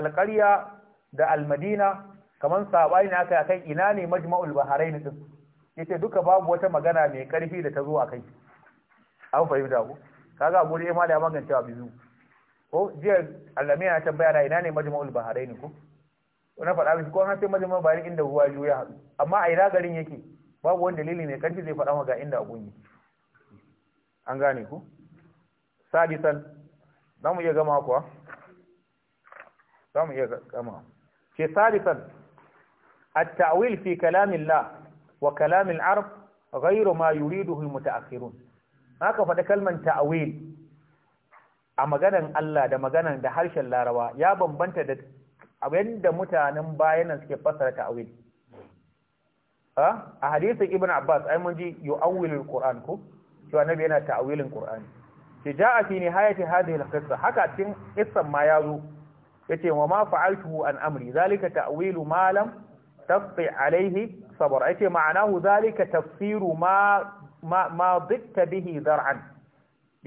al-qarya da al-madina kaman sabani akai akan ina ne majma'ul bahrain din yace duka babu wata magana mai karfi da ta zo a kai an fahimta ku kaga abu da ma da magance wa bizu ko jiya allame ya tambaya na ina ne majmu'ul baharain ko Wani faɗa mishi ko an sai majmu'ul baharain inda ruwa biyu ya haɗu amma a ira garin yake babu wani dalili mai karfi zai faɗa maka inda abun yi an gane ku sadisan za mu iya gama kuwa za mu iya gama Ke sadisan التأويل في fi الله wa kalamil arab ghairu ma yuriduhu mutaakhirun haka faɗi kalman ta'awil a maganan Allah da maganan da harshen Larawa ya bambanta da abinda mutanen bayanan suke fassara ta'awil a hadisin Ibn Abbas ai mun ji yu'awwilul Qur'an ku. cewa nabi yana ta'awilin Qur'ani ce ja'a fi nihayati hadhihi al-qissa haka tin qissan ma yazo yace wa ma fa'altuhu an amri zalika ta'wilu ma lam tasti alayhi sabar ai ce ma'anahu zalika tafsiru ma ma bihi zar'an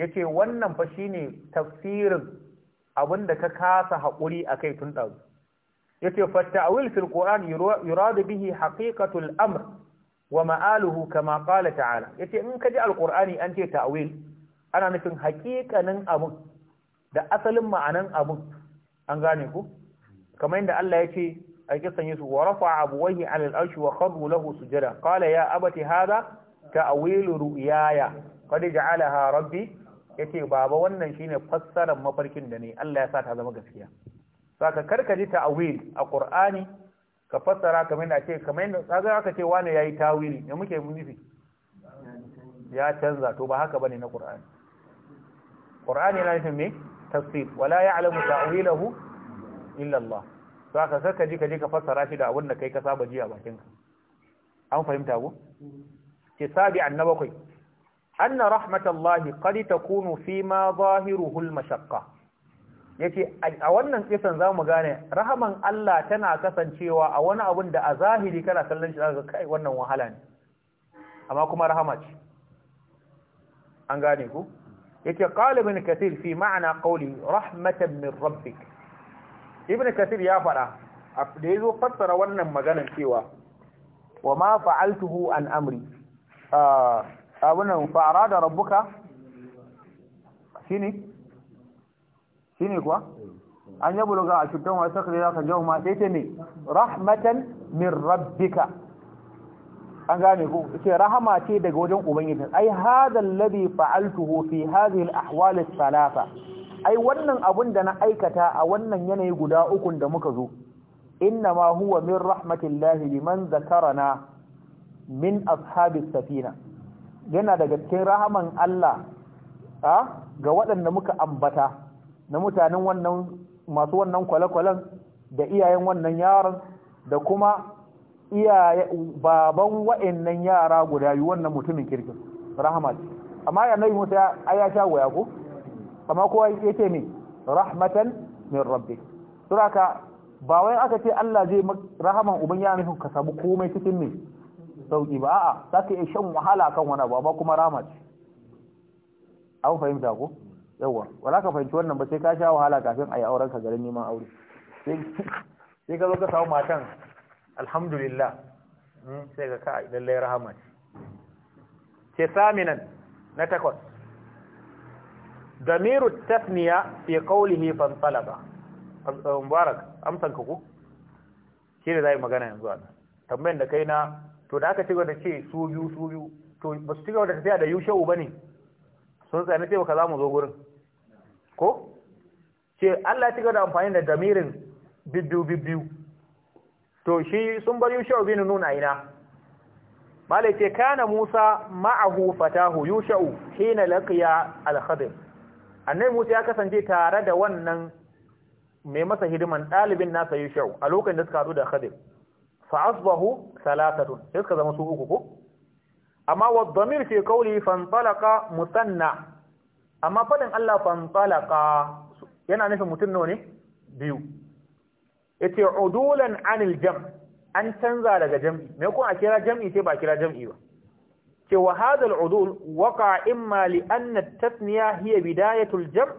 yace wannan fa ne tafsirin abinda ka kasa a akai tun dazu yace fa ta'wil fil qur'an yurad bihi haqiqatu amr wa ma'aluhu kama qala ta'ala yace in ka ji qurani an ce ta'wil ana nufin haƙiƙanin abun da asalin ma'anan abun an gane ku kamar yadda Allah yace أي قصة يوسف ورفع أبويه عن الأرش وخروا له سجدا قال يا أبت هذا تأويل رؤياي قد جعلها ya ce baba wannan shine fassarar mafarkin da ne Allah ya sa ta zama gaskiya saka karka ji ta'awil a ƙur'ani ka fassara kamar da ce kamar da kaga aka ce wani yayi tawili ne muke nufi ya canza to ba haka bane na ƙur'ani. Ƙur'ani yana nufin me tafsir wala ya'lamu ta'wilahu illa Allah sa ka saka ji ka je ka fassara shi da abin da kai ka saba ji a bakinka an fahimta ku? ce sabi annabakwai anna rahmatallahi qad takunu fi ma zahiruhu al-mashaqqa yace a wannan kisan zamu gane rahaman Allah tana kasancewa a wani abun da a zahiri kana kallon shi zaka kai wannan wahala ne amma kuma rahama ce an gane ku yace qala ibn fi ma'na qawli rahmatan min rabbik ibn kasir ya fada da yazo fassara wannan maganar cewa wa ma fa'altuhu an amri abunan fa'ara da rabbuka shine ne kuwa an yabu ga a cutar wasu sakari za ka jawo ma sai ta ne rahmatan min rabbika an gane ku ce rahama ce daga wajen ubangijin ai hadal ladhi fa'altuhu fi hadhihi al-ahwal al thalatha ai wannan abun da na aikata a wannan yanayi guda ukun da muka zo inna ma huwa min rahmatillahi liman zakarana min ashabis safina yana daga cikin rahaman Allah a ga waɗanda muka ambata na mutanen wannan masu wannan kwale da iyayen wannan yaron da kuma iyaye baban wa'annan yara guda yi wannan mutumin kirkin rahama amma amma yanayi musa ya sha waya ko amma kowa yake ne rahmatan min rabbik suraka ba wai aka ce Allah zai rahaman uban ya nufin ka samu komai cikin ne sauki ba a'a zaka iya shan wahala kan wani ba kuma rahama ce an fahimta ko yawa wala ka fahimci wannan ba sai ka sha wahala kafin a yi auren ka garin neman aure sai ka zo ka samu matan alhamdulillah hmm, sai ka ka lallai rahama ce ce saminan na takwas damiru tasniya fi qawlihi fantalaba uh, mubarak amsan ka ku shine zai magana yanzu ana tambayan da kai na to da aka ci da ce su biyu su biyu to ba su ci da tafiya da yushau bane sun tsaya na ce baka za mu zo gurin ko ce Allah ya ci da amfani da damirin bibbiyu bibbiyu to shi sun bar yushau bin nuna ina malai ce kana Musa ma'ahu fatahu yushau hina laqiya al-khadir annabi Musa ya kasance tare da wannan mai masa hidiman ɗalibin nasa shau a lokacin da suka haɗu da Khadir fa asbahu thalathatun sai suka zama su uku ko amma wa dhamir fi qawli fantalaqa musanna amma fadin Allah fantalaqa yana nufin mutum nawa ne biyu yace udulan anil jam an canza daga jam'i me ko a kira jam'i sai ba kira jam'i ba cewa hadal udul waqa imma li anna at-tathniya hiya bidayatul jam'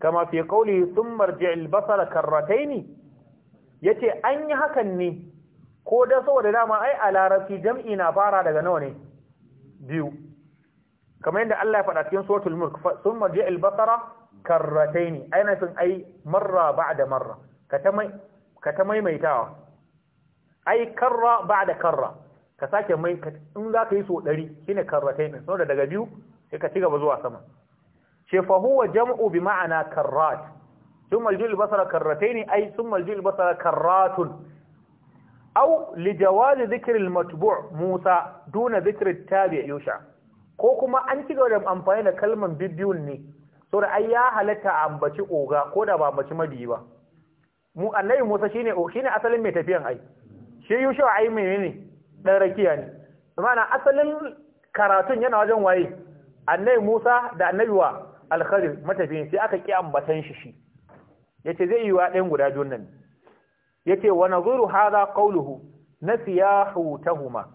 kama fi qawli thumma irji' al-basara karratayn yace an yi hakan ne ko da saboda dama ai a larabci jam'i na fara daga nawa ne biyu kamar yadda Allah ya faɗa cikin suratul mulk thumma irji' al-basara karratayn ai na sun ai marra ba'da marra ka ta mai ka ta maimaitawa ai karra ba'da karra ka sake mai in za ka yi so ɗari shi ne karratai ne sau da daga biyu sai ka ci gaba zuwa sama shefahu wa jam'u bi ma'ana karrat sun maljul basara karratai ne ai sun maljul basara karratun au li jawazi zikirin matbu' musa duna zikirin tabi yusha ko kuma an ci gaba da amfani da kalman bibiyun ne sau da ai ya halatta a ambaci oga ko da ba ambaci mabiyi ba mu annabi musa shine shine asalin mai tafiyan ai shi yusha ai menene Ɗan rakiya ne ma'ana asalin karatun yana wajen waye annai Musa da annabi wa al-Khadir sai aka ƙi ambatan shi shi ce zai yi wa ɗayan guda jun nan ce wa nadhuru Na siya nasiyahu tahuma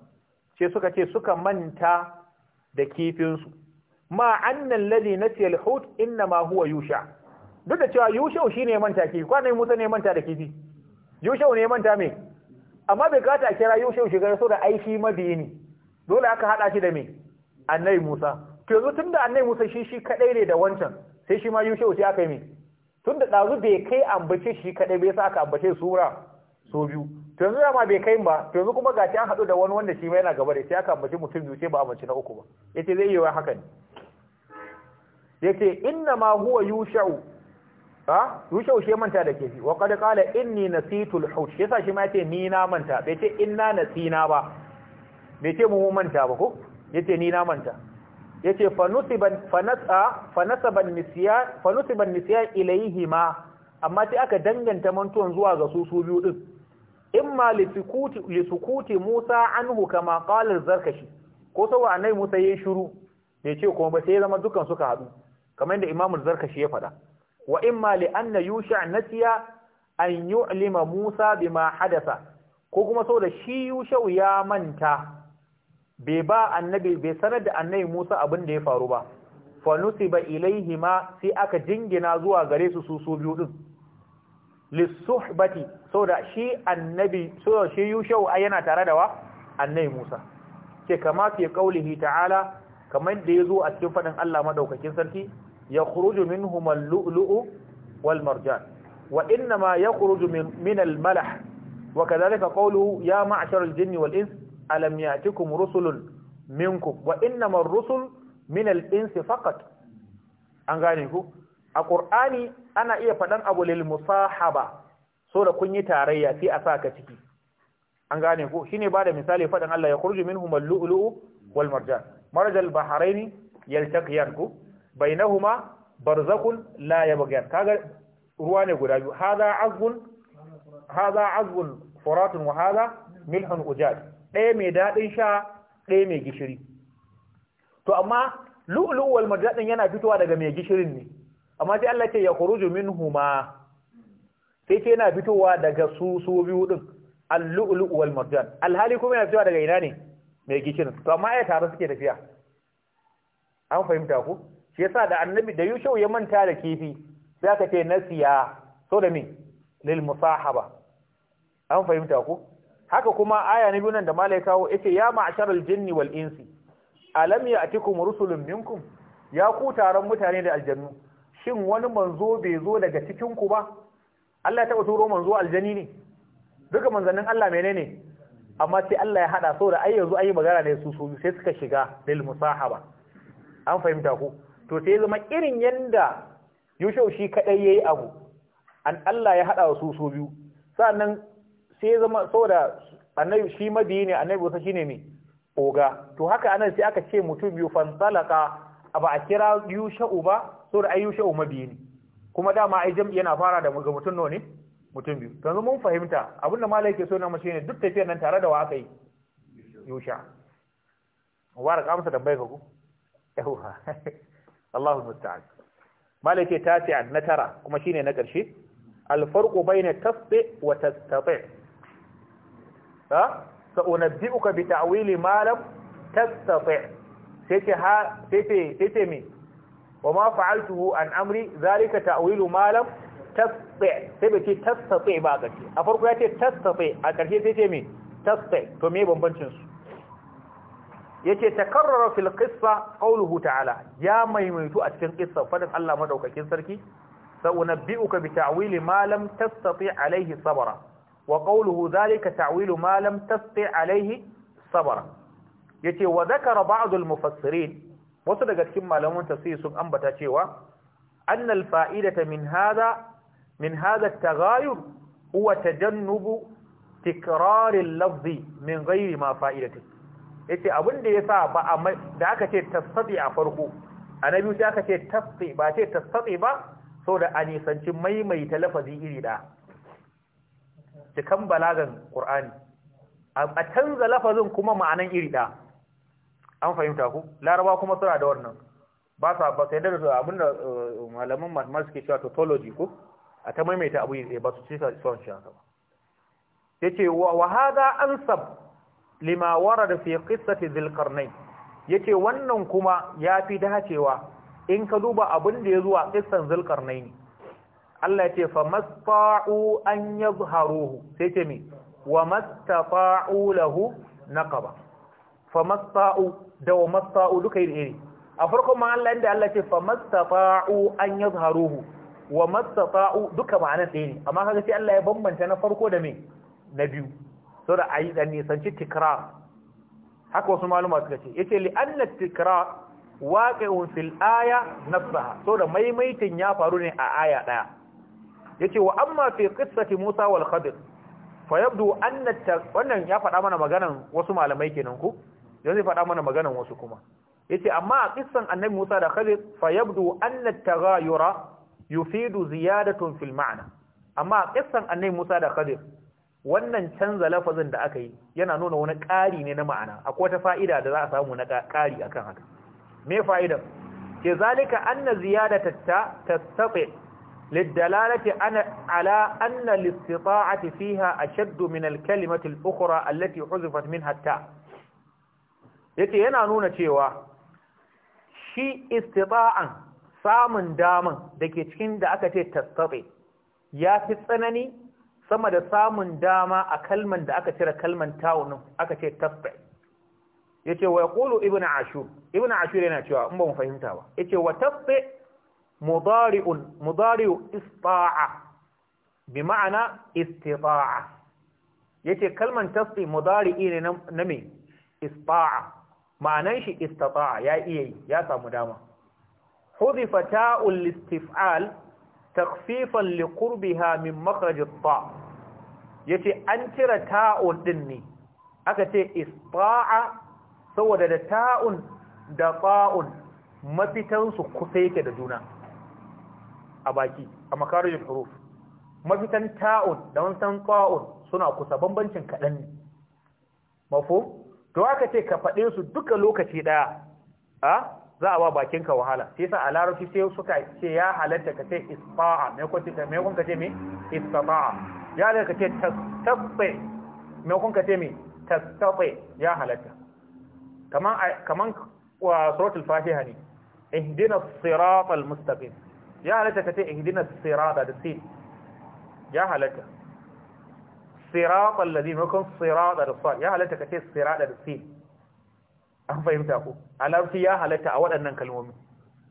Ce suka ce suka manta da Ma su ma anna na ce al-hut ma huwa yusha duk da cewa yusha ne manta kifi kwanai Musa ne manta da kifi yusha ne manta me amma bai kata a kira yushe shigar so da aiki mabiyi ne dole aka hada shi da me annai musa to yanzu tun da annai musa shi shi kadai ne da wancan sai shi ma yushe sai aka yi me tun da dazu bai kai ambace shi kadai bai sa aka ambace sura so biyu to yanzu dama bai kai ba to yanzu kuma gashi an hadu da wani wanda shi ma yana gaba da sai aka ambace mutum biyu sai ba ambace na uku ba yace zai yi wa haka ne yace inna ma huwa yusha'u ha yushe ushe manta da kefi wa qad qala inni nasitul hut yasa shi ma yace ni na manta bai ce inna nasina ba bai ce mu manta ba ko yace ni na manta yace fanusiban fanasa fanasaban nisyan fanusiban ilaihi ilayhima amma sai aka danganta mantuwan zuwa ga su su biyu din imma li sukuti Musa anhu kama qala zarkashi ko sawa annabi Musa yayin shiru bai ce kuma ba sai zama dukan suka hadu kamar yadda imamul zarkashi ya faɗa wa imma li anna yusha nasiya an yu'lima Musa bima hadasa ko kuma saboda shi yusha ya manta bai ba annabi be sanar da annabi Musa abin da ya faru ba fa nusiba ilaihima sai aka jingina zuwa gare su su su biyu din lisuhbati saboda shi annabi saboda shi yusha yana tare da wa annabi Musa ke kama fi qaulihi ta'ala kamar da yazo a cikin fadin Allah madaukakin sarki yakhruju minhum al-lu'lu'u wal marjan wa inma yakhruju min al-malah wa kadhalika qawluhu ya ma'shar al-jinni wal ins alam rusulun minkum wa inma ar-rusul min al an gane ku a qur'ani ana iya fadan abu lil musahaba so da kun yi tarayya sai a ciki an gane ku shine bada misali fadan Allah ya khurju minhum al wal marjan marjal bahraini yaltaqiyan ku bainahuma ma la yabghiyan kaga ruwa ne guda biyu hadha azbun a furatun wa hadha milhun ujad ɗaya mai daɗin sha ɗaya mai gishiri to amma lu'lu'u wal yana fitowa daga mai gishirin ne amma sai Allah ce ya khuruju minhuma sai ce yana fitowa daga su su biyu din al-lu'lu'u alhali kuma yana fitowa daga ina ne mai gishirin to amma ai tare suke tafiya an fahimta ku shi yasa da annabi da yushau ya manta da kifi sai aka ce nasiya so da me lil musahaba an fahimta ko haka kuma aya na biyu nan da malai kawo yace ya ma'sharal jinni wal insi alam ya'tikum rusulun minkum ya ku taron mutane da aljannu shin wani manzo bai zo daga cikin ku ba Allah ya taba turo manzo aljani ne duka manzannin Allah menene amma sai Allah ya hada da ai yanzu ayi magana ne su su sai suka shiga lil musahaba an fahimta ko to sai zama irin yanda yushau shi kadai yayi abu an Allah ya hada su so biyu sannan sai zama saboda annabi shi mabiyi ne annabi wasa shine me oga to haka anan sai aka ce mutum biyu fansalaka ba a kira yushau ba saboda ai yushau mabiyi ne kuma dama ai jam'i yana fara da ga mutum ne mutum biyu to mun fahimta abinda malai ke so na mu shine duk tafiyar nan tare da wa aka yi yusha wara ka amsa ga ku yawwa Allahu musta'an malaka tasi'an na tara kuma shine na ƙarshe alfarqu bayna tasbi wa tastati ha sa unabbi'uka bi ta'wili ma lam tastati sai ce ha sai ce sai ce mi wa ma fa'altuhu an amri zalika ta'wilu ma lam tastati sai ba ce tastati ba a ƙarshe a farko ya ce tastati a ƙarshe sai ce mi tastati to me bambancin su yace takarrara fil qissa qawluhu ta'ala ya maimaitu a cikin qissa fadin Allah madaukakin sarki sa'unabbi'uka bi ta'wili ma lam tastati alayhi sabra wa qawluhu dhalika ta'wilu ma lam tastati alayhi sabra yace wa dhakara ba'd al mufassirin wasu daga cikin malaman tafsir sun ambata cewa anna al fa'idata min hadha min hadha at taghayur huwa tajannubu tikrar al lafzi min ghayri ma fa'idatihi yace abin da yasa ba a da aka ce tasati a farko annabi da aka ce tasati ba ce tasati ba saboda a nisanci maimaita lafazi iri da cikan balagan qur'ani a canza lafazin kuma ma'anan iri da an fahimta ku laraba kuma suna da wannan ba sa ba sai da abinda eh, malaman mathematics ke cewa tautology ko a ta maimaita abu iri ba su sa son shi haka ba yace wa hada ansab lima warada fi qissati dhil ce yace wannan kuma yafi dacewa in ka duba abin da ya zuwa qissan dhil ne. Allah yace famasta'u an yadhharuhu sai ce mi wa mastata'u lahu naqaba famasta'u da wa masta'u duka iri a farkon ma Allah inda Allah ce famasta'u an yadhharuhu wa mastata'u duka ma'anar ɗaya ne amma kaga sai Allah ya bambanta na farko da me na biyu so da a yi ɗan nisanci tikra haka wasu maluma suka ce yace li anna tikra waqi'un fil aya nafsaha so da maimaitin ya faru ne a aya ya ce wa amma fi qissati Musa wal Khadir fayabdu yabdu wannan ya faɗa mana maganan wasu malamai kenan ku yanzu faɗa mana maganan wasu kuma ya ce amma a qissan annabi Musa da Khadir fayabdu yabdu anna at-taghayura yufidu ziyadatun fil ma'ana, amma a qissan annabi Musa da Khadir wannan canza lafazin da aka yi yana nuna wani ƙari ne na ma'ana akwai wata fa'ida da za a samu na ƙari akan haka me fa'idar ke zalika anna ziyadata ta tastabi lidalalati ana ala anna listita'ati fiha ashaddu min alkalimati al-ukhra allati huzifat minha ta yace yana nuna cewa shi istita'an samun daman dake cikin da aka ce tastabi ya fi tsanani sama da samun dama a kalman da aka cire kalman tawunin aka ce Ya ce wa yaqulu ibn ashur ibn ashur yana cewa in ba mu fahimta ba Ya ce wa tasbi mudari'un mudari'u ista'a bi ma'ana Ya ce kalman tasbi mudari'i ne na me ista'a ma'anan shi istita'a ya iya yi ya samu dama hudifa ta'ul istif'al takfifan liqurbiha min makhraj at-ta yace an cire ta'u din ne aka ce ista'a saboda da ta'un da fa'un mafitan su kusa yake da juna a baki a huruf mafitan ta'un da wancan ta'un suna kusa bambancin kaɗan ne mafhum to aka ce ka faɗe su duka lokaci ɗaya a za a ba bakinka wahala sai sa a larabci sai suka ce ya halatta ka ce isfa'a mai kun ce mai kun ka ce me istafa'a ya halatta ka ce tastafe mai kun ka ce me tastafe ya halatta kaman kaman suratul fatiha ne ihdina siratal mustaqim ya halatta ka ce ihdina sirata da sin ya halatta siratal ladhi mai kun sirata da sa ya halatta ka ce sirata da sin an fahimta ku? a larabci ya halatta a waɗannan kalmomi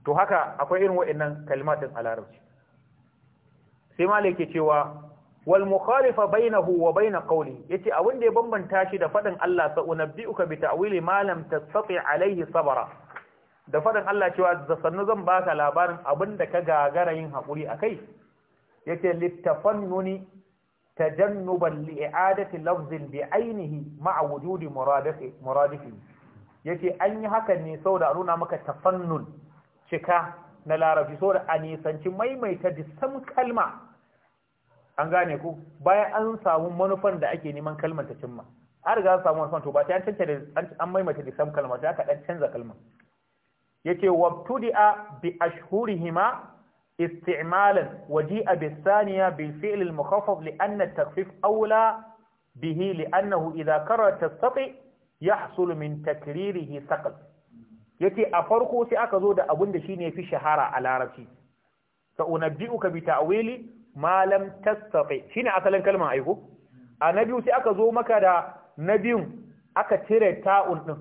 to haka akwai irin waɗannan kalmatin a larabci sai malik ke cewa wal mukhalifa bainahu wa baina qawli yace abin da ya bambanta shi da fadin Allah sa unabbiuka bi ta'wili ma lam tastati alayhi sabra da fadin Allah cewa da sannu zan baka labarin abin da ka gagara yin hakuri akai yace littafannuni tajannuban li'adati lafzin bi ainihi ma'a wujudi muradifi muradifi yace an yi hakan ne saboda a nuna maka tafannun cika na larabci saboda a nisanci maimaita disan kalma an gane ku bayan an samu manufan da ake neman kalmar ta cimma an riga an samu manufan to ba ta an maimaita disan kalma ta aka dan canza kalma yace wabtudi'a bi ashhurihima استعمالا وجيء بالثانية بالفعل المخفف لأن التخفيف أولى به لأنه إذا كرر تستطيع yahsul min takririhi saqal yace a farko sai aka zo da abun da shine fi shahara a larabci sa unabbi'uka bi ta'wili ma lam shi shine asalin kalmar aiko a biyu sai aka zo maka da biyun aka cire ta'un din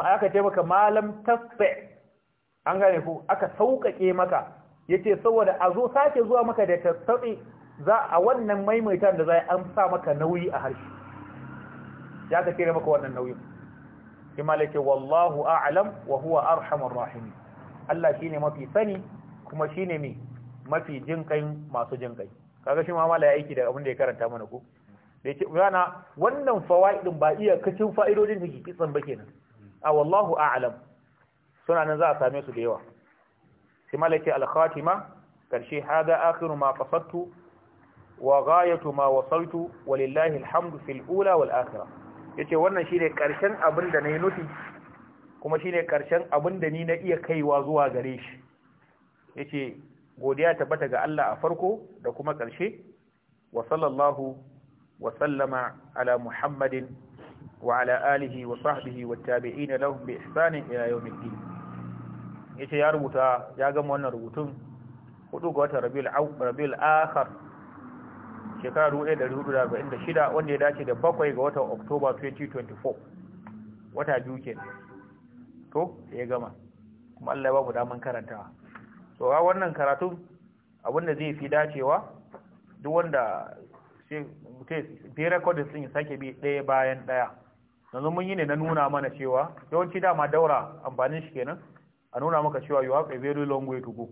aka ce maka ma lam an gane ko aka sauƙaƙe maka yace saboda a zo sake zuwa maka da tastati za a wannan maimaitan da za an sa maka nauyi a harshe ya ka cire maka wannan nauyin shi malaka wallahu a'lam wa huwa arhamur rahim Allah shine mafi sani kuma shine me mafi jinkain masu jinkai kaga shi ma mala ya aiki da abin da ya karanta mana ko da yake yana wannan fawaidin ba iya kacin fa'idodin da ke kitsan ba kenan a wallahu a'lam suna nan za a same su da yawa shi malaka al-khatima karshe hada akhiru ma qasadtu wa ghayatu ma wasaltu walillahi alhamdu fil ula wal akhirah ya ce wannan shi ne ƙarshen abin da na yi nufi kuma shi ne ƙarshen abin da ni na iya kaiwa zuwa gare shi ya ce godiya tabbata ga Allah a farko da kuma ƙarshe wa sallallahu wa sallama ala muhammadin wa ala alihi wa sahbihi wa na lahum bi ihsanin ila yawmiddin yace ya rubuta ya gama wannan rubutun hudu ga watan rabiul rabiul akhir shekaru 1446 wanda ya dace da bakwai ga watan oktoba 2024 wata biyu ke to ya gama kuma Allah ya ba mu daman karantawa so a wannan karatu abinda zai fi dacewa duk wanda sai bi recording sun sake bi ɗaya bayan ɗaya yanzu mun yi ne na nuna mana cewa yawanci dama daura amfanin shi kenan a nuna maka cewa you have a very long way to go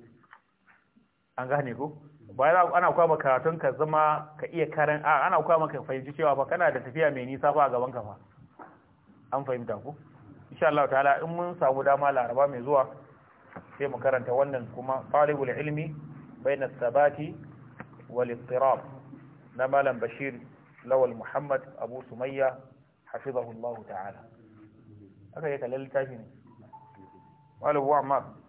an gane ko ba ana kwa maka karatun ka zama ka iya karin a ana kwa maka fahimci cewa fa kana da tafiya mai nisa ba a gaban ka fa an fahimta ku insha Allah ta'ala in mun samu dama laraba mai zuwa sai mu karanta wannan kuma talibul ilmi bayna sabati wal istirab na malam bashir lawal muhammad abu sumayya hafizahu Allah ta'ala aka yi kallon tashi ne malam amma.